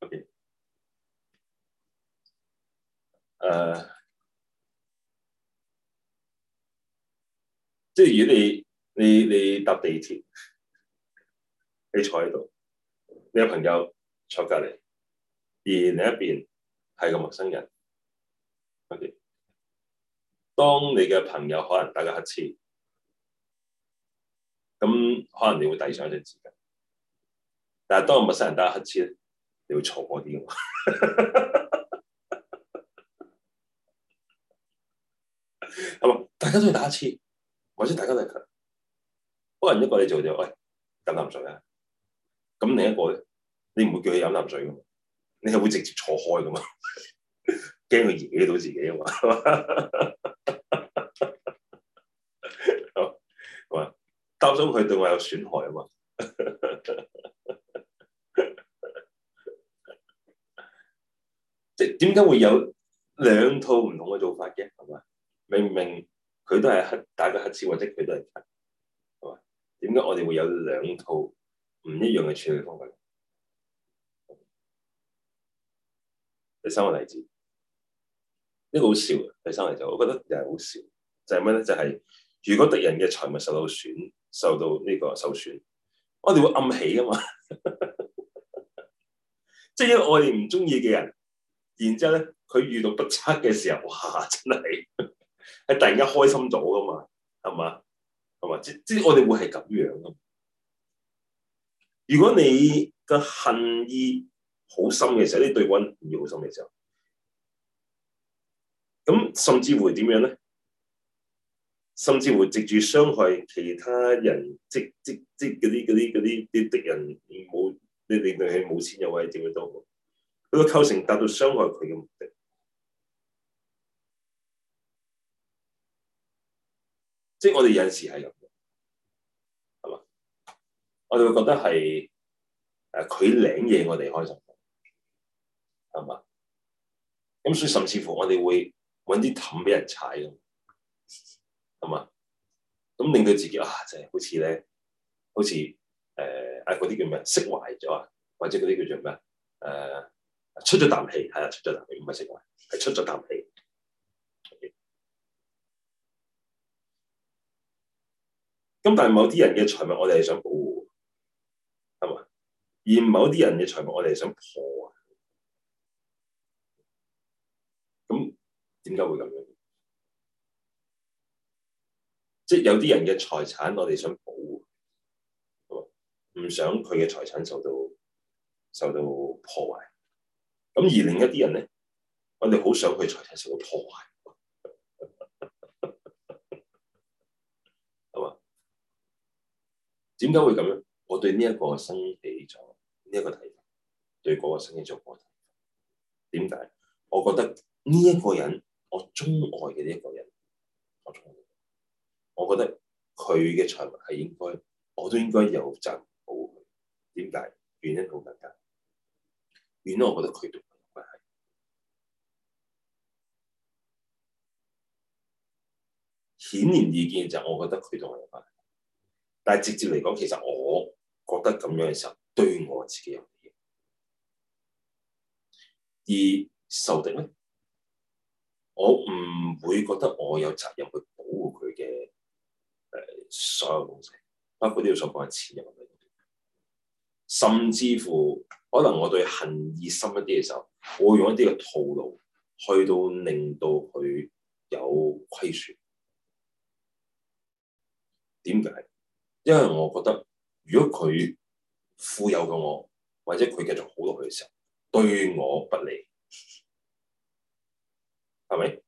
OK。誒，即係如果你你你搭地鐵，你坐喺度，你有朋友坐隔籬，而另一邊係個陌生人。嗰、okay。當你嘅朋友可能打個乞嗤，咁可能你會遞上一隻紙巾。但係當陌生人打乞嗤咧，你會坐嗰啲喎。咁 (laughs) 啊， (laughs) 大家都要打乞嗤，或者大家都係可能一個你做咗，喂，飲啖水啊。咁另一個咧，你唔會叫佢飲啖水㗎嘛？你係會直接坐開嘅嘛。 (laughs) 驚佢惹到自己啊嘛，係嘛，擔心佢對我有損害啊嘛。 (laughs) 即係點解會有兩套唔同嘅做法嘅？係嘛，明明佢都係黑打個黑字或者佢都係，係嘛？點解我哋會有兩套唔一樣嘅處理方法？第三個例子。呢個好笑嘅第三嚟就，我覺得又係好笑，就係咩咧？就係、是、如果敵人嘅財物受到損、受到呢個受損，我、啊、哋會暗喜啊嘛，即 (laughs) 係因為我哋唔中意嘅人，然之後咧佢遇到不測嘅時候，哇！真係係 (laughs) 突然間開心咗噶嘛，係嘛？係嘛？即、就、即、是、我哋會係咁樣。如果你嘅恨意好深嘅時候，你對某人唔要好深嘅時候。咁甚至乎點樣咧？甚至乎藉住傷害其他人，即藉藉嗰啲嗰啲啲啲敵人，冇你令佢係冇錢又或者點樣都好，佢個構成達到傷害佢嘅目的。 (noise) 即係我哋有陣時係咁嘅，係嘛？我哋會覺得係誒，佢領嘢我哋開心，係嘛？咁所以甚至乎我哋會。搵啲氹俾人踩咯，係嘛？咁令到自己啊，就係好似咧，好似誒啊嗰啲叫咩？釋懷咗啊，或者嗰啲叫做咩？誒、呃、出咗啖氣係啊，出咗啖氣唔係釋懷，係出咗啖氣。咁、okay. 但係某啲人嘅財物，我哋係想保護，係嘛？而某啲人嘅財物我，我哋係想破。點解會咁樣？即係有啲人嘅財產，我哋想保護，唔想佢嘅財產受到受到破壞。咁而另一啲人咧，我哋好想佢財產受到破壞。係嘛？點 (laughs) 解會咁樣？我對呢一個生起咗呢一個睇法，對嗰個生起咗個睇法。點解？我覺得呢一個人。我鍾愛嘅呢一個人，我鍾愛，我覺得佢嘅財物係應該，我都應該有責任保護佢。點解？原因好簡單，原因我覺得佢同我有關係。顯而易見就係我覺得佢同我有關係，但係直接嚟講，其實我覺得咁樣嘅時候對我自己有利益。而仇敵咧？我唔會覺得我有責任去保護佢嘅誒所有東西，包括啲要上個人錢入。甚至乎可能我對恨意深一啲嘅時候，我會用一啲嘅套路去到令到佢有虧損。點解？因為我覺得如果佢富有過我，或者佢繼續好落去嘅時候，對我不利。係咪？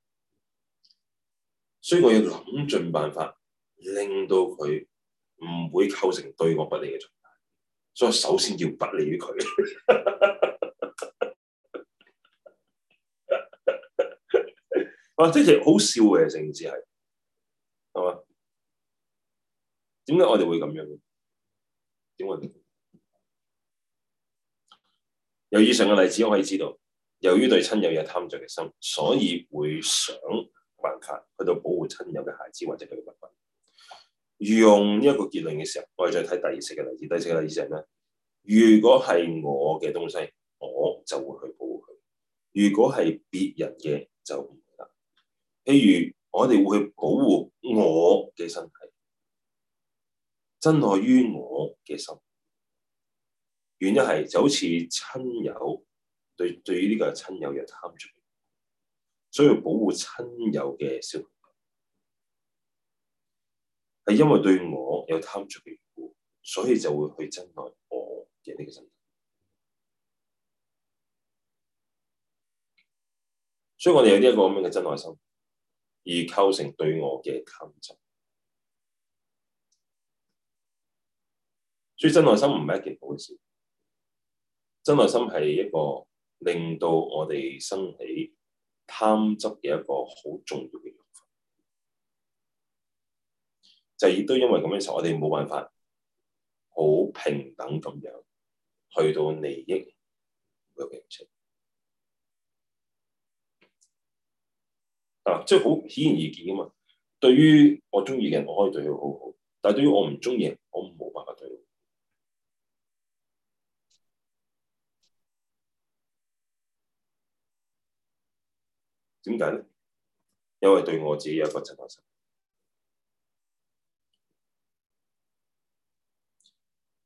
所以我要諗盡辦法，令到佢唔會構成對我不利嘅狀態。所以我首先要不利於佢。哇、 (laughs) 啊，即係好笑嘅，甚至係，係嘛？點解我哋會咁樣嘅？點解？由以上嘅例子，我可以知道。由於對親友有貪着嘅心，所以會想辦法去到保護親友嘅孩子或者佢嘅物品。用呢個結論嘅時候，我哋再睇第二式嘅例子。第二式嘅例子係咩？如果係我嘅東西，我就會去保護佢；如果係別人嘅，就唔會。譬如我哋會去保護我嘅身體，珍愛於我嘅心。原因係就好似親友。對對於呢個親友有貪著，所以保護親友嘅小孩，係因為對我有貪著嘅緣故，所以就會去珍愛我嘅呢個身體。所以我哋有呢、這、一個咁樣嘅珍愛心，而構成對我嘅貪著。所以珍愛心唔係一件好事，珍愛心係一個令到我哋生起貪執嘅一個好重要嘅用法，就亦、是、都因為咁嘅時候，我哋冇辦法好平等咁樣去到利益嗰個有情啊，即係好顯然易見噶嘛。對於我中意嘅人，我可以對佢好好，但係對於我唔中意嘅人，我冇辦法對佢。點解咧？因為對我自己有一個珍愛心。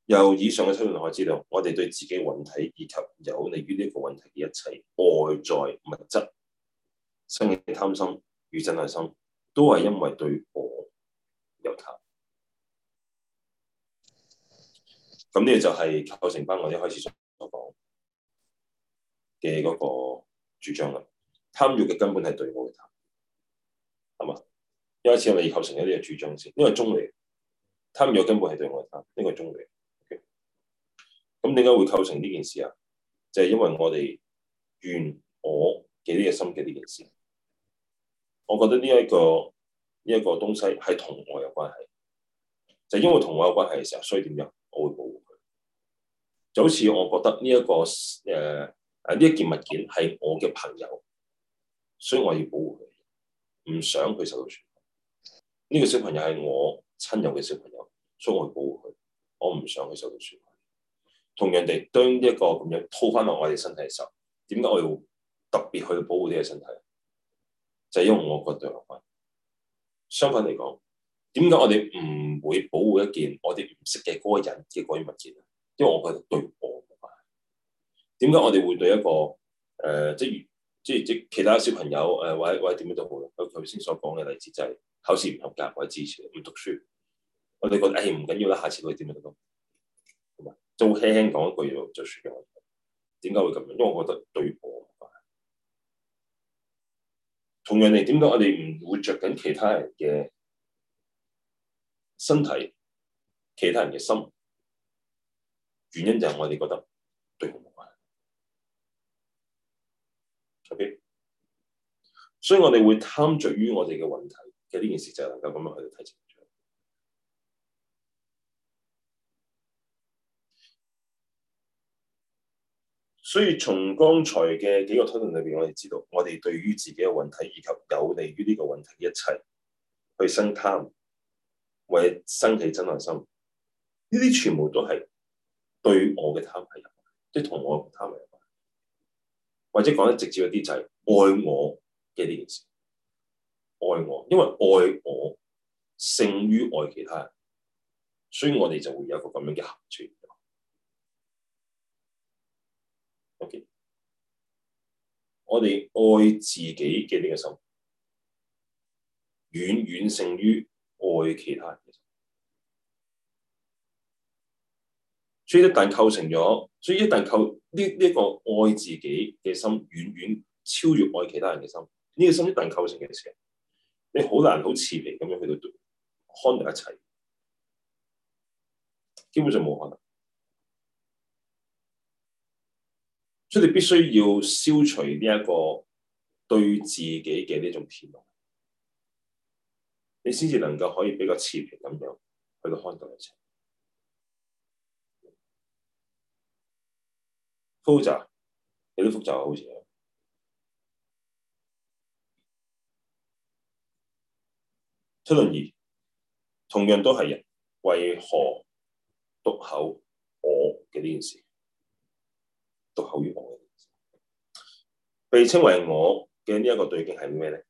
由以上嘅推論，我知道我哋對自己蘊體以及有利於呢個蘊體嘅一切外在物質，生貪心嘅貪心與珍愛心，都係因為對我有貪。咁呢就係構成翻我一開始所講嘅嗰個主張啦。貪欲嘅根本係對我嘅貪，係嘛？因為先我哋構成一啲嘅主張先，因為中嚟貪欲根本係對我嘅貪，呢個係中嚟。咁點解會構成呢件事啊？就係、是、因為我哋緣我嘅呢個心嘅呢件事。我覺得呢、這、一個呢一、這個東西係同我有關係，就因為同我有關係嘅時候，所以點樣？我會保護佢。就好似我覺得呢、這、一個誒誒呢一件物件係我嘅朋友。所以我要保護佢，唔想佢受到損害。呢、這個小朋友係我親友嘅小朋友，所以我要保護佢，我唔想佢受到損害。同樣地，當一、這個咁樣套翻落我哋身體嘅時候，點解我要特別去保護呢個身體？就係、是、因為我覺得對我好。相反嚟講，點解我哋唔會保護一件我哋唔識嘅嗰個人嘅嗰樣物件？因為我覺得對我冇關係啊嘛。點解我哋會對一個誒、呃，即係？即係即其他小朋友誒、呃，或者或係點樣都好啦。佢頭先所講嘅例子就係考試唔合格，或者之前唔讀書，我哋覺得誒唔緊要啦，下次可以點樣都好，同埋都會輕輕講一句就算咗。點解會咁樣？因為我覺得對我，同樣地點解我哋唔會着緊其他人嘅身體、其他人嘅心？原因就係我哋覺得對我 Okay? 所以，我哋會貪着於我哋嘅蘊體嘅呢件事就能夠咁樣去睇清楚。所以，從剛才嘅幾個推論裏邊，我哋知道，我哋對於自己嘅蘊體以及有利於呢個蘊體嘅一切，去生貪，為生起珍愛心，呢啲全部都係對我嘅貪係有，即係同我嘅貪係有。或者講得直接一啲，就係、是、愛我嘅呢件事，愛我，因為愛我勝於愛其他人，所以我哋就會有一個咁樣嘅合處。OK，我哋愛自己嘅呢個心，遠遠勝於愛其他人嘅心。所以一旦構成咗。所以一旦構呢呢一個愛自己嘅心，遠遠超越愛其他人嘅心，呢、這個心一旦構成嘅時候，你好難好持平咁樣去到看待一切，基本上冇可能。所以你必須要消除呢一個對自己嘅呢種偏愛，你先至能夠可以比較持平咁樣去到看待一切。複雜，有啲複雜，好似推論二，同樣都係人為何獨厚我嘅呢件事？獨厚於我嘅件事，被稱為我嘅呢一個對境係咩咧？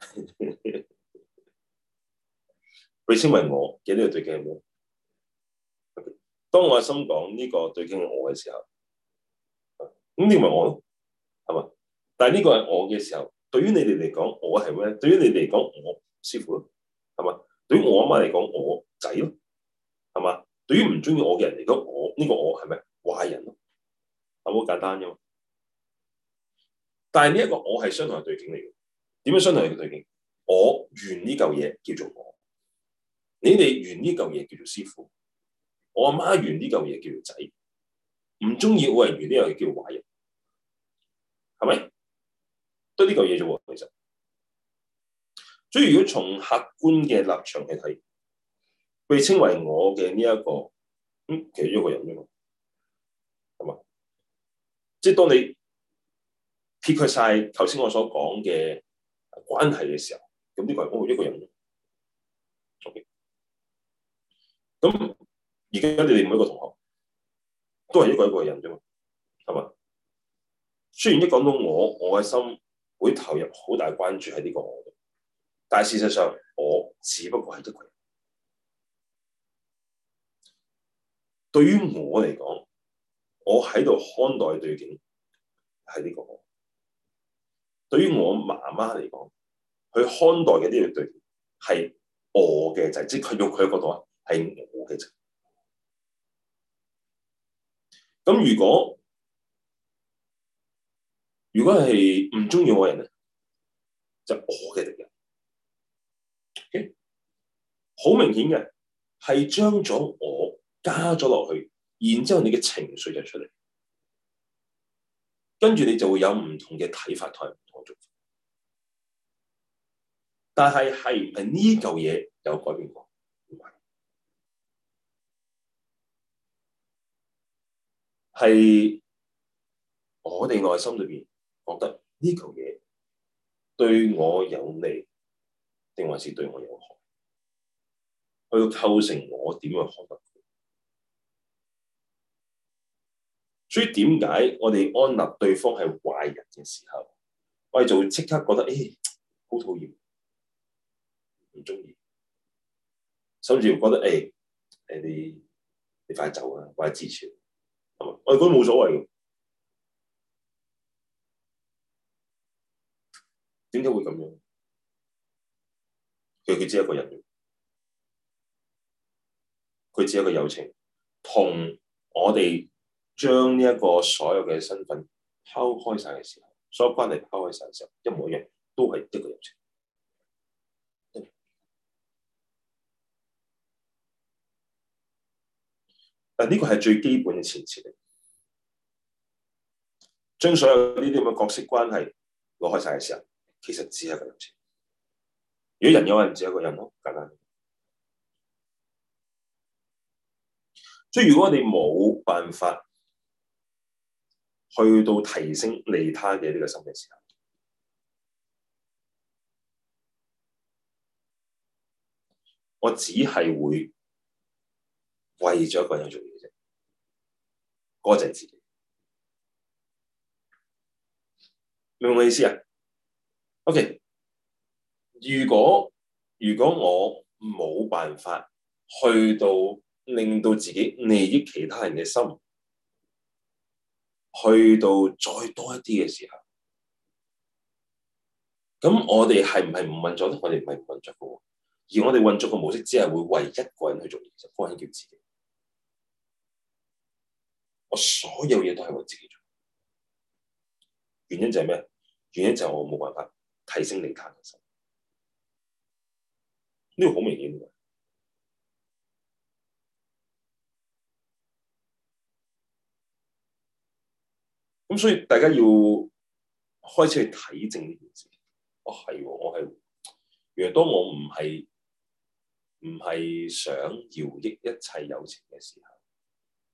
(laughs) 被稱為我嘅呢個對境係咩？當我阿心講呢個對境係我嘅時候，咁你咪我咯，係嘛？但係呢個係我嘅時候，對於你哋嚟講，我係咩？對於你哋嚟講，我師傅咯，係嘛？對於我阿媽嚟講，我仔咯，係嘛？對於唔中意我嘅人嚟講，我呢、呢個我係咪，壞人咯，好簡單嘅嘛。但係呢一個我係相同嘅對境嚟嘅，點樣相同嘅對境？我緣呢嚿嘢叫做我，你哋緣呢嚿嘢叫做師傅。我阿媽完呢嚿嘢叫仔，唔中意我人完呢樣嘢叫壞人，係咪？都呢嚿嘢啫喎，其實。所以如果從客觀嘅立場去睇，被稱為我嘅呢一個，咁、嗯、其實一個人啫嘛，係嘛？即係當你撇佢晒頭先我所講嘅關係嘅時候，咁呢個係我一個人。咁、okay。而家你哋每一個同學都係一個一個人啫嘛，係嘛？雖然一講到我，我嘅心會投入好大關注喺呢個我度，但係事實上我只不過係一個人。對於我嚟講，我喺度看待對境係呢個我。對於我媽媽嚟講，佢看待嘅呢個對境係我嘅仔，即係佢用佢角度啊，係我嘅仔。咁如果如果係唔中意我嘅人咧，就我嘅敵人。O K，好明顯嘅係將咗我加咗落去，然之後你嘅情緒就出嚟，跟住你就會有唔同嘅睇法同埋唔同嘅做法。但係係唔係呢嚿嘢有改變過？係我哋內心裏邊覺得呢個嘢對我有利，定還是對我有害？佢去構成我點樣看待佢？所以點解我哋安立對方係壞人嘅時候，我哋就會即刻覺得誒好、欸、討厭，唔中意，甚至覺得誒、欸、你你快走啦、啊，快自全。我哋覺得冇所謂，點解會咁樣？佢佢只係一個人，佢只係一個有情，同我哋將呢一個所有嘅身份拋開晒嘅時候，所有關係拋開晒嘅時候，一模一樣，都係一個有情。但呢個係最基本嘅前提嚟，將所有呢啲咁嘅角色關係攞開晒嘅時候，其實只係一個人。如果人有，人，唔止一個人咯，簡單啲。嗯。所以如果我哋冇辦法去到提升利他嘅呢個心嘅時候，我只係會。為咗一個人去做嘢啫，嗰陣時，明唔明我意思啊？OK，如果如果我冇辦法去到令到自己利益其他人嘅心，去到再多一啲嘅時候，咁我哋係唔係唔運作咧？我哋唔係唔運作嘅，而我哋運作嘅模式只係會為一個人去做嘢，就方先叫自己。我所有嘢都係我自己做，原因就係咩？原因就係我冇辦法提升利他嘅心，呢個好明顯嘅。咁所以大家要開始去體證呢件事。哦，係、哦，我係原來當我唔係唔係想饒益一切有情嘅時候。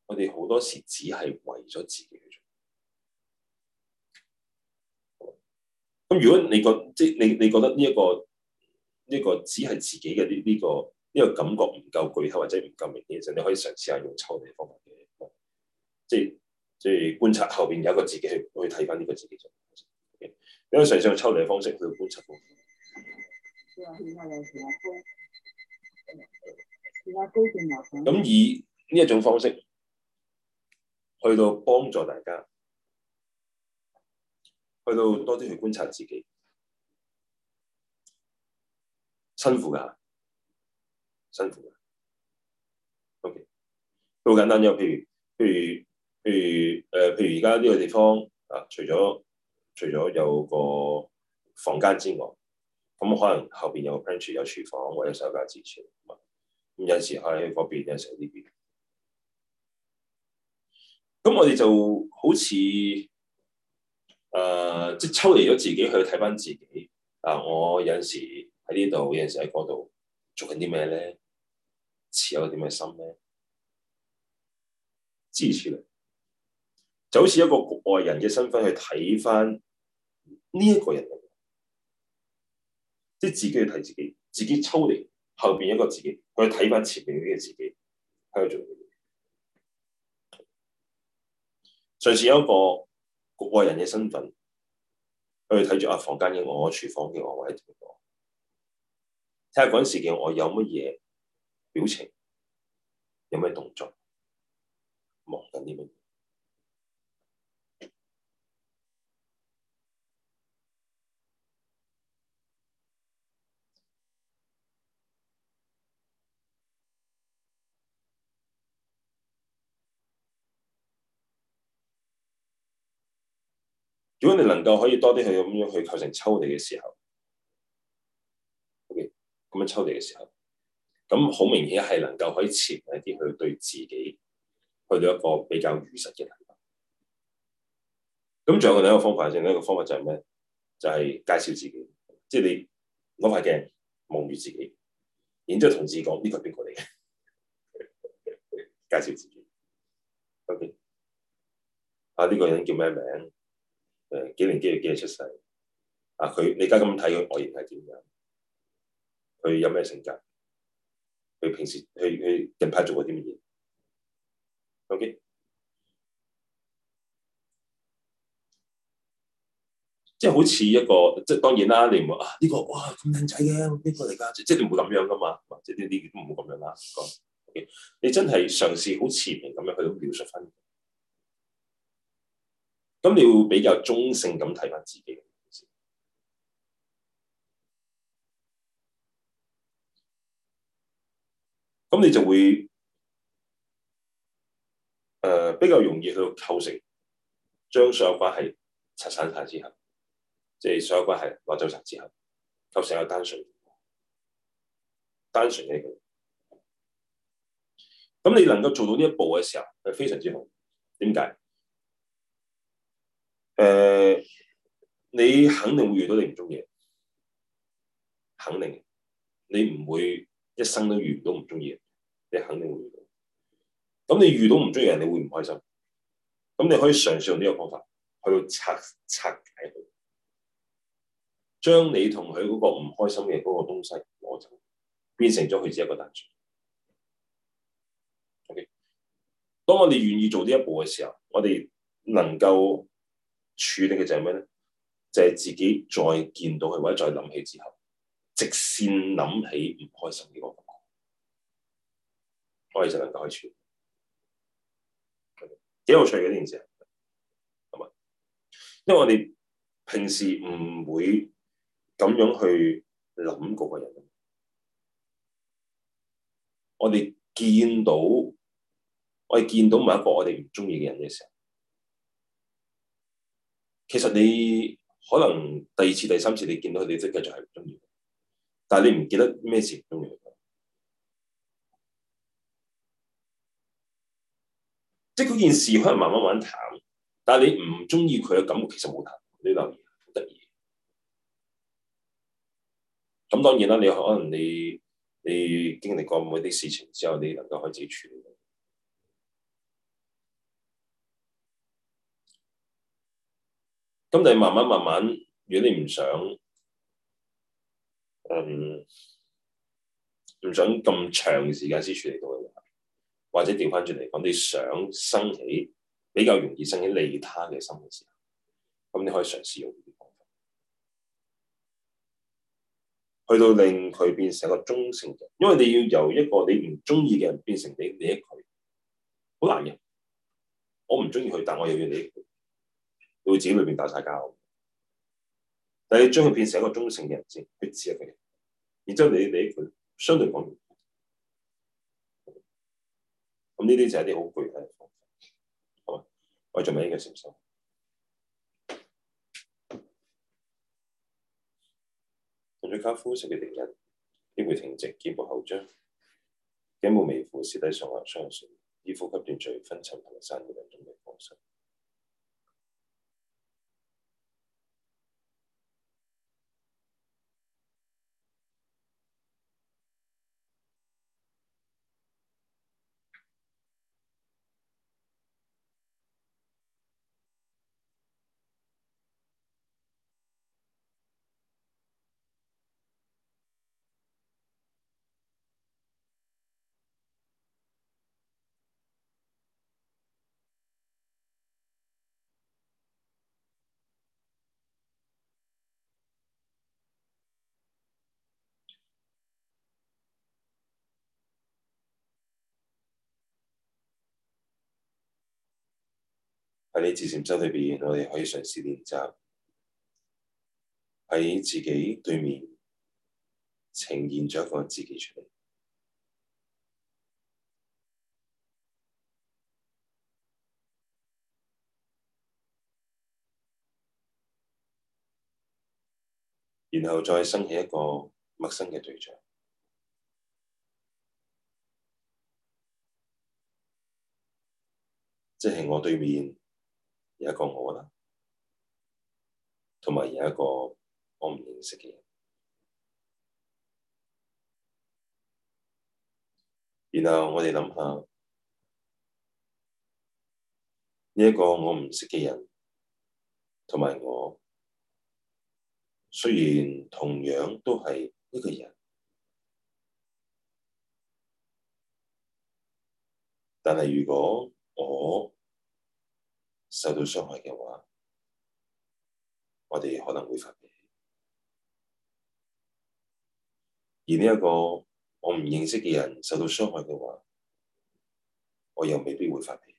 我哋好多時只係為咗自己去做。咁、嗯、如果你覺即係你，你覺得呢、呢、一個呢、呢個只係自己嘅呢呢個呢、呢個感覺唔夠具體或者唔夠明顯嘅時候，你可以嘗試下用抽離方法，即係即係觀察後邊有一個自己去去睇翻呢個自己做。Okay? 因為嘗試用抽離嘅方式去、即係、觀察。咁、嗯、以呢一種方式。去到幫助大家，去到多啲去觀察自己，辛苦㗎，辛苦㗎。OK，好簡單啫，譬如譬如譬如誒，譬如而家呢個地方啊，除咗除咗有個房間之外，咁可能後邊有個 pantry，有廚房或者手架之類。咁有時可能喺嗰邊，有時喺呢邊。咁我哋就好似誒、呃，即係抽離咗自，自、呃、自己去睇翻自己。啊，我有陣時喺呢度，有陣時喺嗰度做緊啲咩咧？似有啲咩心咧，支持啊！就好似一個局外人嘅身份去睇翻呢一個人嚟，即係自己去睇自己，自己抽離後邊一個自己，去睇翻前面呢個自己喺度做上次有一個局外人嘅身份去睇住啊，房間嘅我、廚房嘅我或者點講？睇下嗰陣時嘅我有乜嘢表情，有咩動作，忙緊啲乜嘢？如果你能夠可以多啲去咁樣去構成抽離嘅時候，OK，咁樣抽離嘅時候，咁、okay? 好明顯係能夠可以潛一啲去對自己去到一個比較如實嘅能力。咁仲有個另一個方法，仲有一個方法就係咩？就係、是、介紹自己，即係你攞塊鏡望住自己，然之後同自己講呢個邊個嚟嘅？介紹自己。OK，啊呢、這個人叫咩名？誒，幾年幾月幾日出世？啊，佢你而家咁睇佢外形係點樣？佢有咩性格？佢平時去佢近排做過啲乜嘢？OK，即係好似一個，即係當然啦，你唔啊呢個哇咁靚仔嘅邊個嚟噶？即係你唔會咁樣噶嘛，即係呢啲唔會咁樣啦、啊。Okay? 你真係嘗試好持平咁樣去描述翻。咁你會比較中性咁睇翻自己，嘅咁你就會誒、呃、比較容易去構成將所有關係拆散晒之後，即、就、係、是、所有關係攞走晒之後，構成一個單純、單純嘅一個。咁你能夠做到呢一步嘅時候，係非常之好。點解？誒、呃，你肯定會遇到你唔中意，肯定，你唔會一生都遇唔到唔中意嘅，你肯定會遇到。咁你遇到唔中意人，你會唔開心？咁你可以嘗試用呢個方法去拆拆解佢，將你同佢嗰個唔開心嘅嗰個東西攞走，變成咗佢自一個單純。OK，當我哋願意做呢一步嘅時候，我哋能夠。處理嘅就係咩咧？就係、是、自己再見到佢或者再諗起之後，直線諗起唔開心嘅個感覺，我哋就能夠去處理。幾有趣嘅呢件事啊！因為我哋平時唔會咁樣去諗嗰個人。我哋見到，我哋見到某一個我哋唔中意嘅人嘅時候。其實你可能第二次、第三次你見到佢，你都繼續係唔中意，但係你唔記得咩事唔中意佢。即係嗰件事可能慢慢慢淡，但係你唔中意佢嘅感覺其實冇淡，呢嚿嘢好得意。咁當然啦，你可能你你經歷過每啲事情之後，你能夠開始處理。咁你慢慢慢慢，如果你唔想，嗯，唔想咁長時間先處理到嘅話，或者調翻轉嚟講，你想生起比較容易生起利他嘅心嘅時候，咁你可以嘗試用呢啲方法，去到令佢變成一個中性人，因為你要由一個你唔中意嘅人變成你，你益佢，好難嘅。我唔中意佢，但我又要你你會自己裏邊打晒交，但係你將佢變成一個忠誠嘅人先，一致嘅人，然之後你理佢相對方面。咁呢啲就係一啲好具體嘅方法。好，我仲有咩嘢承受同用咗卡夫西嘅定人。肩部挺直，肩部後張，頸部微弧，舌抵上顎雙手，以呼吸斷罪、分層平散嘅兩種方式。喺你自禪修裏邊，我哋可以嘗試練習喺自己對面呈現咗一個自己出嚟，然後再生起一個陌生嘅對象，即係我對面。一個我啦，同埋有一個我唔認識嘅人。然後我哋諗下呢一，這個我唔識嘅人，同埋我雖然同樣都係呢個人，但係如果我。受到傷害嘅話，我哋可能會發脾氣。而呢一個我唔認識嘅人受到傷害嘅話，我又未必會發脾氣。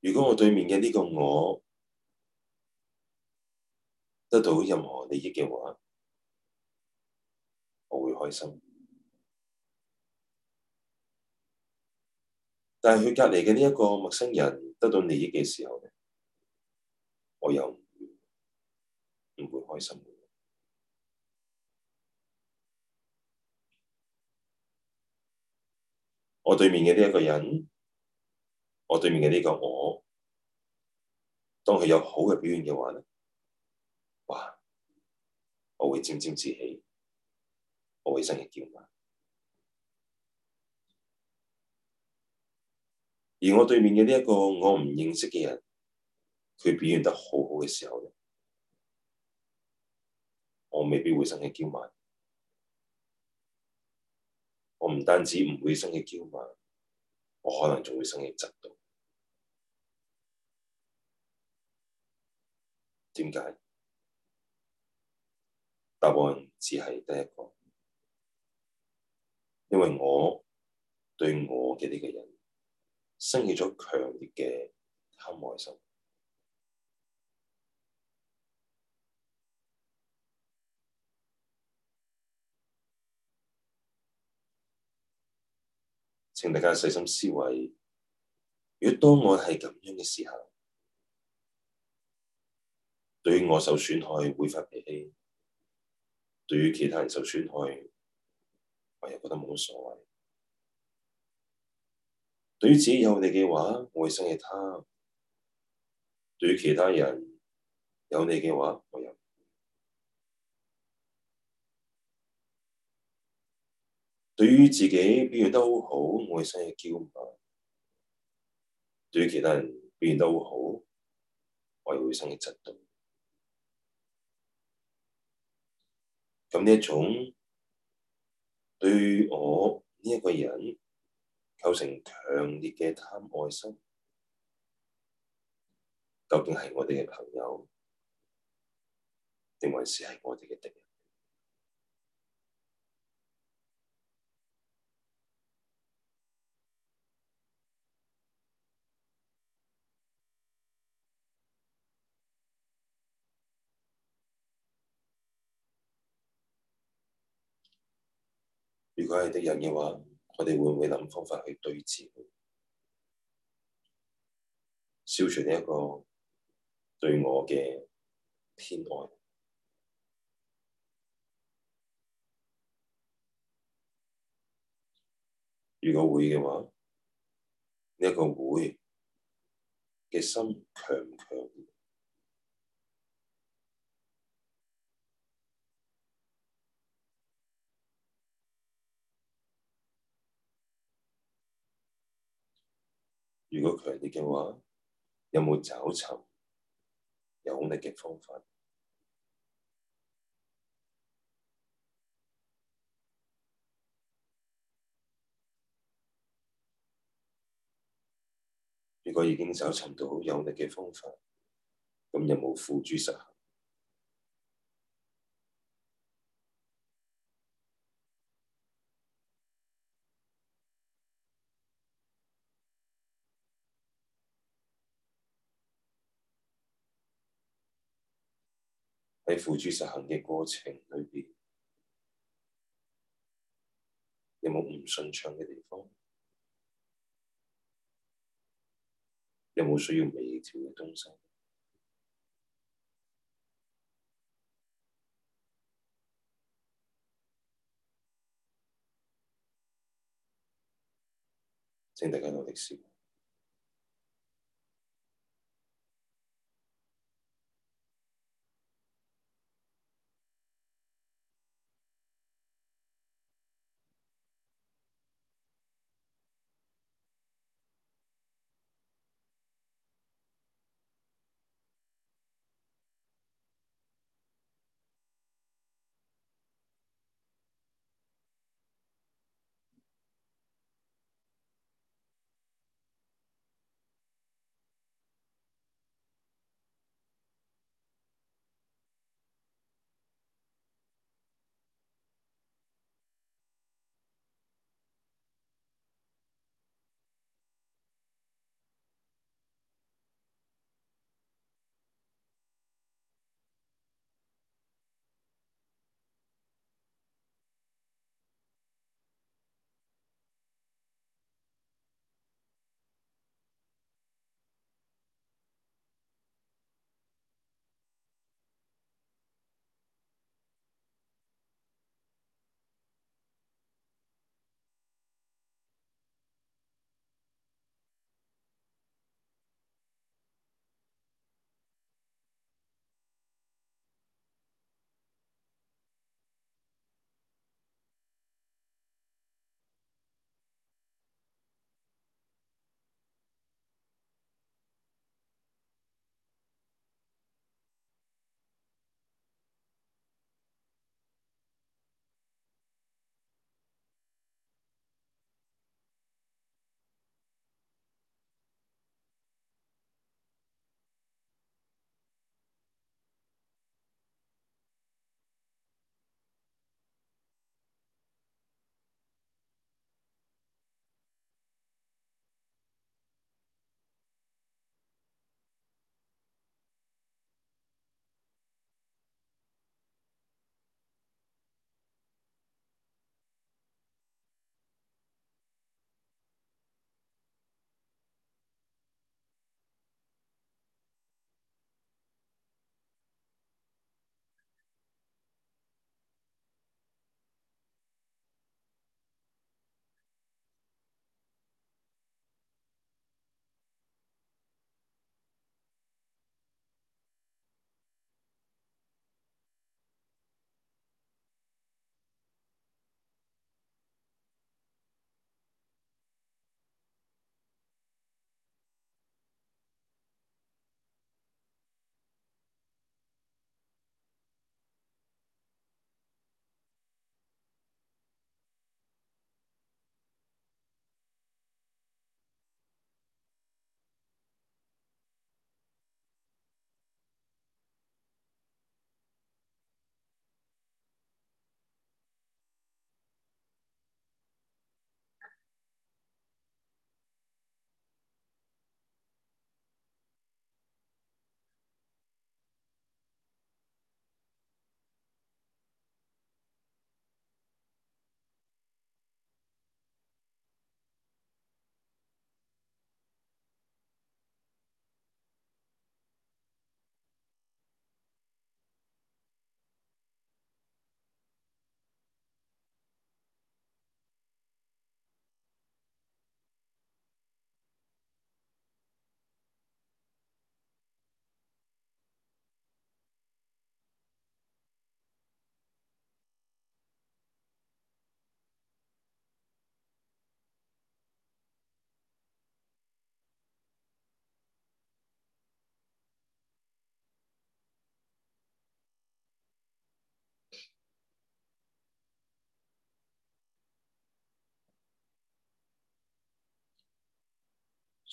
如果我對面嘅呢個我得到任何利益嘅話，我會開心。但係佢隔籬嘅呢一個陌生人得到利益嘅時候，我又唔會，會開心。我對面嘅呢一個人，我對面嘅呢個我，當佢有好嘅表現嘅話呢，哇！我會沾沾自喜，我會生日叫嘛～而我對面嘅呢一個我唔認識嘅人，佢表現得好好嘅時候，我未必會生起驕慢。我唔單止唔會生起驕慢，我可能仲會生起嫉妒。點解？答案只係得一個，因為我對我嘅呢、這個人。生起咗強烈嘅恨愛心。請大家細心思維，如果當我係咁樣嘅時候，對於我受損害會發脾氣，對於其他人受損害，我又覺得冇乜所謂。對於自己有利嘅話，我會生嘅貪；對於其他人有利嘅話，我又；對於自己表現得好好，我會生嘅驕傲；對於其他人表現得好，我又會生嘅嫉妒。咁呢一種，對於我呢一個人。構成強烈嘅貪愛心，究竟係我哋嘅朋友，定還是係我哋嘅敵人？如果係敵人嘅話。我哋會唔會諗方法去對治，消除呢一個對我嘅偏愛？如果會嘅話，呢一個會嘅心強唔強？如果強烈嘅話，有冇找尋有力嘅方法？如果已經找尋到有力嘅方法，咁有冇付諸實行？喺付諸實行嘅過程裏面有冇唔順暢嘅地方？有冇需要微調嘅東西？請大家多啲試。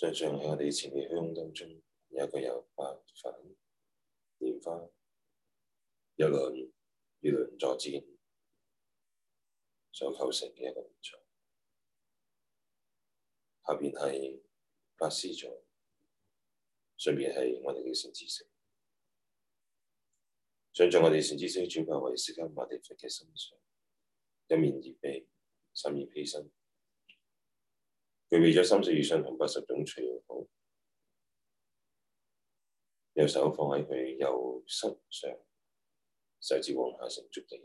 想像喺我哋以前嘅香當中有一個由白粉、蓮花、一輪、二輪作箭所構成嘅一個形象，下邊係白獅子座，上邊係我哋嘅聖智星，想像我哋聖智星轉化為釋迦牟尼佛嘅身上，一面被心二披身。具備咗三十二相同八十種隨好，右手放喺佢右膝上，手指往下成觸地印，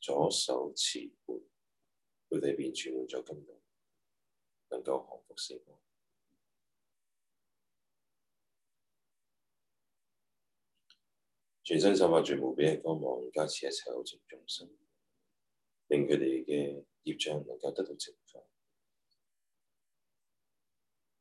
左手持缽佢哋便充滿咗咁光，能夠降伏死亡。全身散發住無邊嘅光芒，加持一切好似眾生，令佢哋嘅業障能夠得到淨。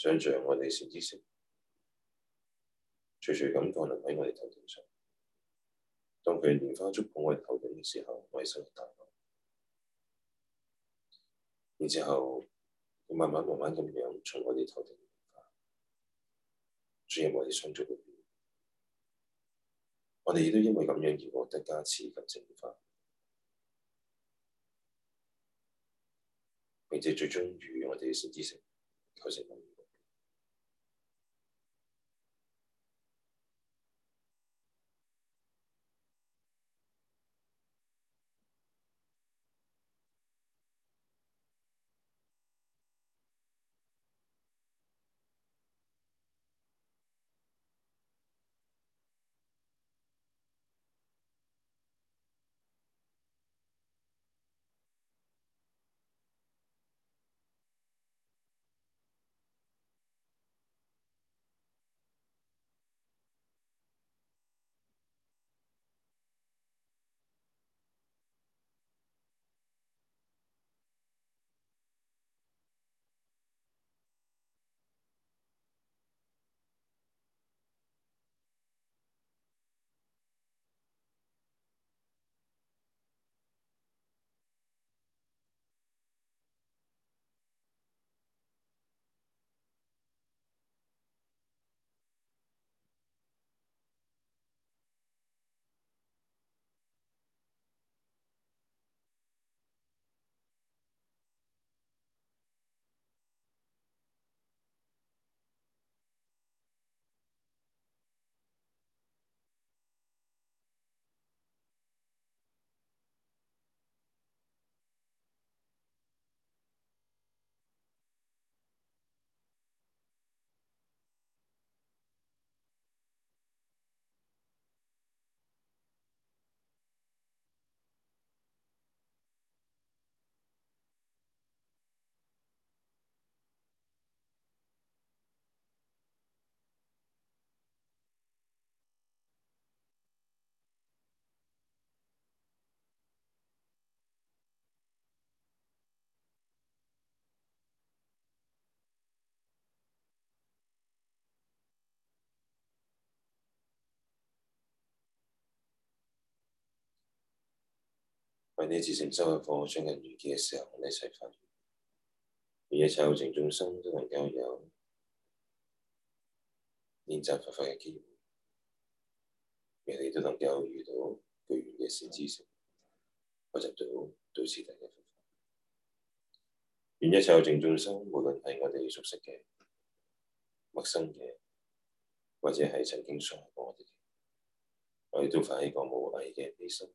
想像我哋嘅善知識，徐徐咁降臨喺我哋頭頂上，當佢蓮花觸碰我哋頭頂嘅時候，我哋心就大咗。然之後，慢慢慢慢咁樣從我哋頭頂蓮花，進入我哋心續嗰邊。我哋亦都因為咁樣而獲得加持及淨化，並且最終與我哋嘅善知識構成。喺你自性心嘅課將近完結嘅時候，我哋一齊發願，願一切有情眾生，都能夠有練習佛法嘅機會，你哋都能夠遇到具緣嘅善知識，學習到道次第嘅佛法。願一切有情眾生，無論係我哋熟悉嘅、陌生嘅，或者係曾經傷害過我哋嘅，我哋都發起一個無偽嘅悲心。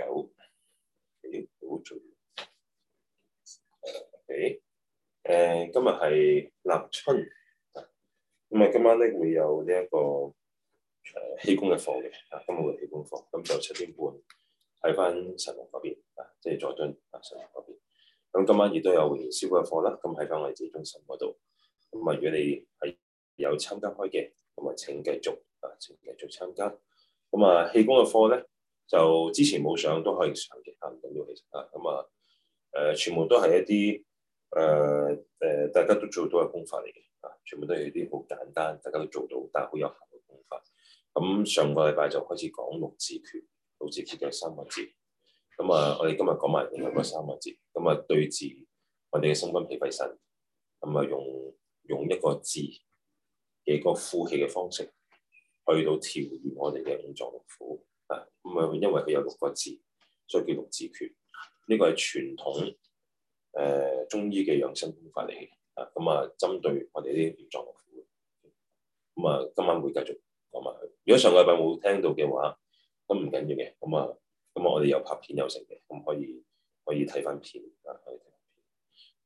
九，九組，誒，誒，今日係立春，咁、嗯、這個、啊，啊，今晚咧會有呢一個誒氣功嘅課嘅，啊，今日嘅氣功課，咁、嗯、就七點半睇翻神龍嗰邊，啊，即係佐敦啊，神龍嗰邊，咁、嗯、今晚亦都有燃燒嘅課啦，咁喺翻我哋市中心嗰度，咁、嗯、啊，如果你係有參加開嘅，咁、嗯、啊請繼續啊，請繼續參加，咁、嗯、啊氣功嘅課咧。就之前冇上都可以上嘅，嚇，唔緊要其實嚇。咁啊，誒、呃，全部都係一啲誒誒，大家都做到嘅功法嚟嘅，嚇、啊，全部都係啲好簡單，大家都做到，但係好有效嘅功法。咁、啊、上個禮拜就開始講六字訣，六字訣有三個字。咁啊，我哋今日講埋另外嗰三個字。咁啊，對治，我哋嘅心肝脾肺腎，咁啊，用用一個字，幾個呼氣嘅方式，去到調節我哋嘅五臟六腑。啊，咁啊，因為佢有六個字，所以叫六字訣。呢、這個係傳統誒、呃、中醫嘅養生方法嚟嘅。啊，咁啊，針對我哋呢啲狀況。咁啊，今晚會繼續講埋、啊。如果上個禮拜冇聽到嘅話，咁唔緊要嘅。咁啊，咁、啊啊、我哋有拍片有成嘅，咁可以可以睇翻片啊，可以睇翻片。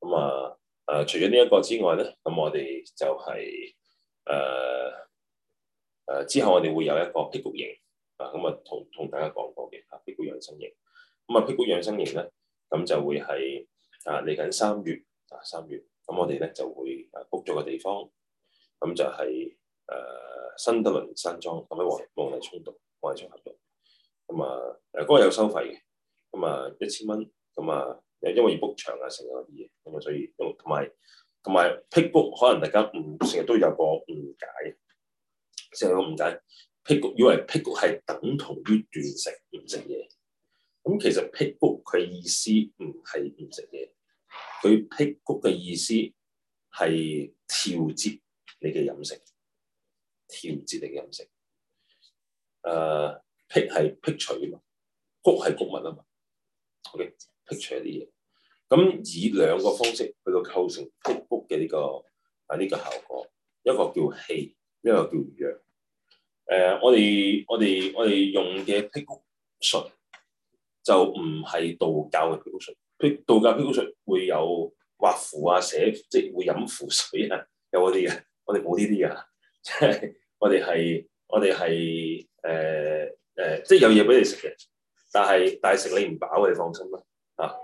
咁啊誒、啊啊，除咗呢一個之外咧，咁、啊、我哋就係誒誒之後我哋會有一個結局型。啊，咁啊同同大家講過嘅，啊，辟谷養生營，咁、嗯、啊辟谷養生營咧，咁就會係啊嚟緊三月啊三月，咁我哋咧就會啊 book 咗個地方，咁就係、是、誒、啊、新德倫山莊，咁喺黃黃泥沖度黃泥沖合作，咁啊誒嗰、啊啊那個有收費嘅，咁啊一千蚊，咁啊因為要 book 場啊成日啲嘢，咁啊所以同埋同埋辟谷可能大家唔成日都有個誤解，成日個誤解。辟穀以為辟穀係等同於斷食，唔食嘢，咁其實辟穀佢意思唔係唔食嘢，佢辟穀嘅意思係調節你嘅飲食，調節你嘅飲食。誒、呃、辟係辟除啊嘛，穀係穀物啊嘛。O.K. 辟除一啲嘢，咁、嗯、以兩個方式去到構成辟穀嘅呢、這個啊呢、呢個效果，一個叫氣，一個叫藥。誒、uh,，我哋我哋我哋用嘅辟谷術就唔係道教嘅辟谷術，辟道教辟谷術會有畫符啊、寫即係會飲符水啊，有嗰啲嘅。我哋冇呢啲噶，即係我哋係我哋係誒誒，即係有嘢俾你食嘅，但係但係食你唔飽嘅，你放心啦吓。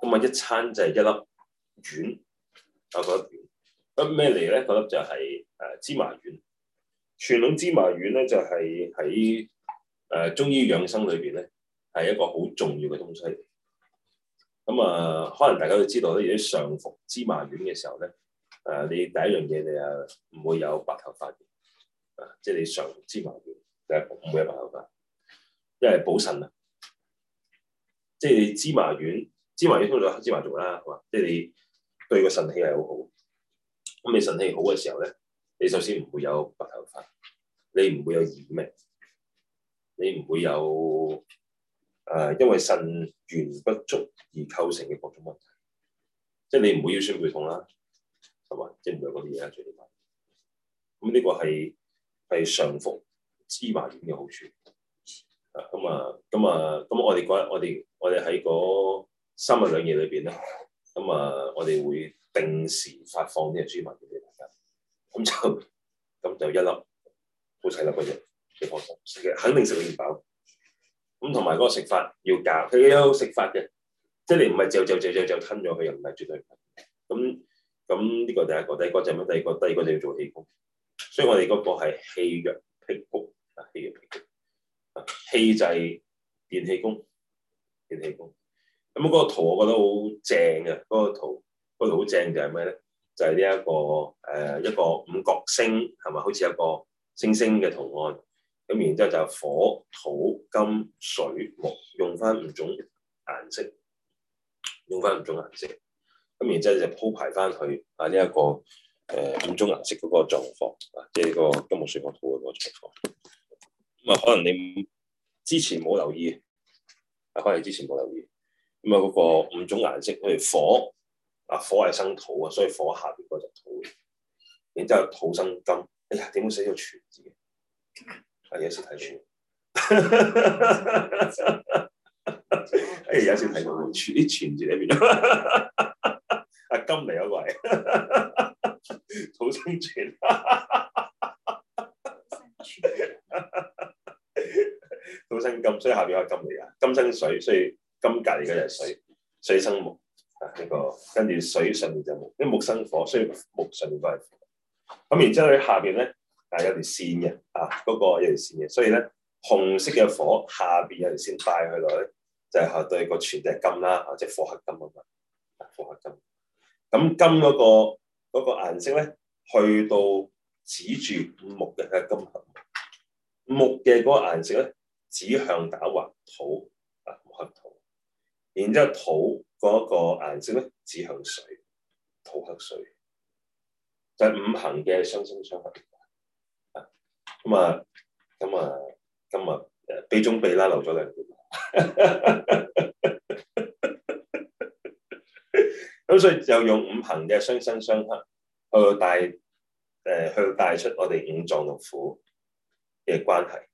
咁啊，一餐就係一粒丸，就是，啊，嗰粒丸乜咩嚟咧？嗰粒就係誒芝麻丸。全卵芝麻丸咧，就係喺誒中醫養生裏邊咧，係一個好重要嘅東西。咁啊，可能大家都知道咧，如果上服芝麻丸嘅時候咧，誒，你第一樣嘢，你啊唔會有白頭髮，啊，即係你上服芝麻丸你就唔會有白頭髮，因為補腎啊，即係你芝麻丸，芝麻丸通常黑芝麻做啦，係嘛，即係你對個腎氣係好好。咁你腎氣好嘅時候咧？你首先唔會有白頭髮，你唔會有耳鳴，你唔會有誒、呃，因為腎源不足而構成嘅各種問題，即係你唔會腰酸背痛啦，係嘛，即係唔會嗰啲嘢啦，最緊要。咁呢個係係上服芝麻丸嘅好處。咁啊，咁、嗯、啊，咁我哋日我哋我哋喺嗰三日兩夜裏邊咧，咁、嗯、啊、嗯嗯嗯嗯嗯，我哋、嗯嗯、會定時發放呢個芝麻丸俾大家。咁就咁就一粒好細粒嘅嘢，你放心，食嘅肯定食唔飽。咁同埋嗰個食法要教，佢有食法嘅，即係你唔係嚼嚼嚼嚼嚼吞咗佢又唔係絕對。咁咁呢個第一個，第二個就係咩？第二個第二個就要做氣功，所以我哋嗰個係氣藥平衡啊，氣藥平衡啊，氣製電氣功，電氣功。咁嗰個圖我覺得好正嘅，嗰、嗰個圖嗰度好正嘅係咩咧？那個就係呢一個誒、呃、一個五角星，係咪好似一個星星嘅圖案？咁、嗯、然之後就火土金水木，用翻五種顏色，用翻五種顏色。咁、嗯、然之後就鋪排翻去啊呢一、這個誒、呃、五種顏色嗰個狀況，即係嗰個金木水火土嗰個狀況。咁、嗯、啊，可能你之前冇留意，啊可能之前冇留意。咁、嗯、啊，嗰、那個五種顏色，譬如火。啊！火係生土啊，所以火下邊嗰隻土，然之後土生金。哎呀，點會寫到泉字嘅？啊，有時睇全， (laughs) 哎，有時睇錯，啲全字你變咗。 (laughs) 金嚟嗰個係。土生泉。 (laughs) 土生金，所以下邊係金嚟噶。金生水，所以金隔籬嗰隻水，水生木。呢、啊這個跟住水上面就木，因為木生火，所以木上面都係火。咁然之後喺下邊咧，係有條線嘅，啊，嗰、啊那個有條線嘅，所以咧紅色嘅火下邊有條線帶去落嚟，就係、是、對個全隻金啦，或、啊、者火合金啊嘛，火合金。咁金嗰、那個嗰顏、那個、色咧，去到指住木嘅金行，木嘅嗰個顏色咧指向打橫土。然之後土嗰個顏色咧指向水，土克水，就係、五行嘅相生相克。咁、嗯、啊，咁、嗯、啊，咁、嗯、啊，鼻、嗯嗯嗯嗯、中鼻啦，漏咗兩條。咁 (laughs) (laughs) (laughs) 所以就用五行嘅相生相克去帶，誒、呃、去帶出我哋五臟六腑嘅關係。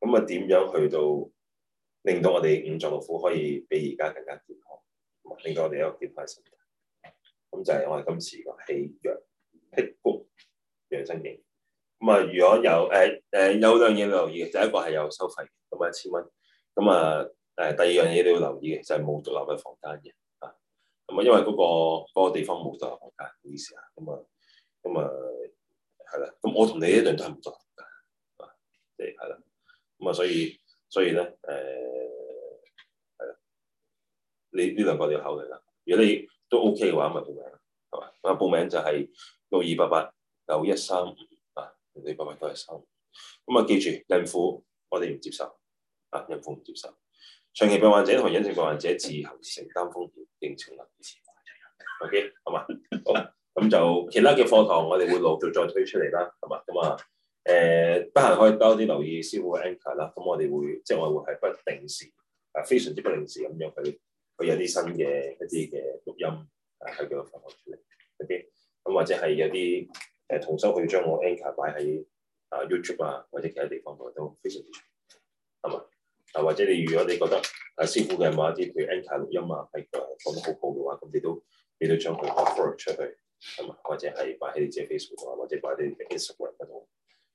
咁啊，點樣去到？令到我哋五臟六腑可以比而家更加健康，令到我哋一個健康嘅身體。咁就係我哋今次個氣養、辟谷、養生營。咁啊，如果由誒誒有兩樣嘢留意嘅，第一個係有收費，咁啊一千蚊。咁啊誒，第二樣嘢你要留意嘅就係冇獨立嘅房間嘅啊。咁啊，因為嗰、嗰個嗰個地方冇獨立房間，唔好意思啊。咁啊，咁啊係啦。咁我你段同你呢兩都係唔獨立嘅啊，即係係啦。咁啊，所以。所以咧，誒、呃，係啦，你呢兩個你要考慮啦。如果你都 OK 嘅話，咪報名啦，係嘛？咁啊，報名就係六二八八九一三五啊，六二八八九一三五。咁啊，記住，孕婦我哋唔接受啊，孕婦唔接受。長、啊、期病患者同隱性病患者自行承擔風險、應承啦。O K，好嘛？好，咁、 (laughs) 嗯、就其他嘅課堂我哋會陸續再推出嚟啦，係嘛？咁啊。誒，得、呃、閒可以多啲留意師傅嘅 anchor 啦、嗯。咁我哋會，即係我會係不定時，啊非常之不定時咁樣去，佢佢有啲新嘅一啲嘅錄音，啊係叫我分開處理。咁或者係有啲誒、呃、同修可以將我 anchor 擺喺啊 YouTube 啊或者其他地方都、啊嗯、非常之。係嘛？啊或者你如果你覺得啊師傅嘅某一、啊、啲譬如 anchor 錄音啊係誒講得好好嘅話，咁你都你都將佢 upload 出去，係嘛？或者係擺喺你自己 Facebook 啊，或者擺喺你嘅 Instagram 嗰度。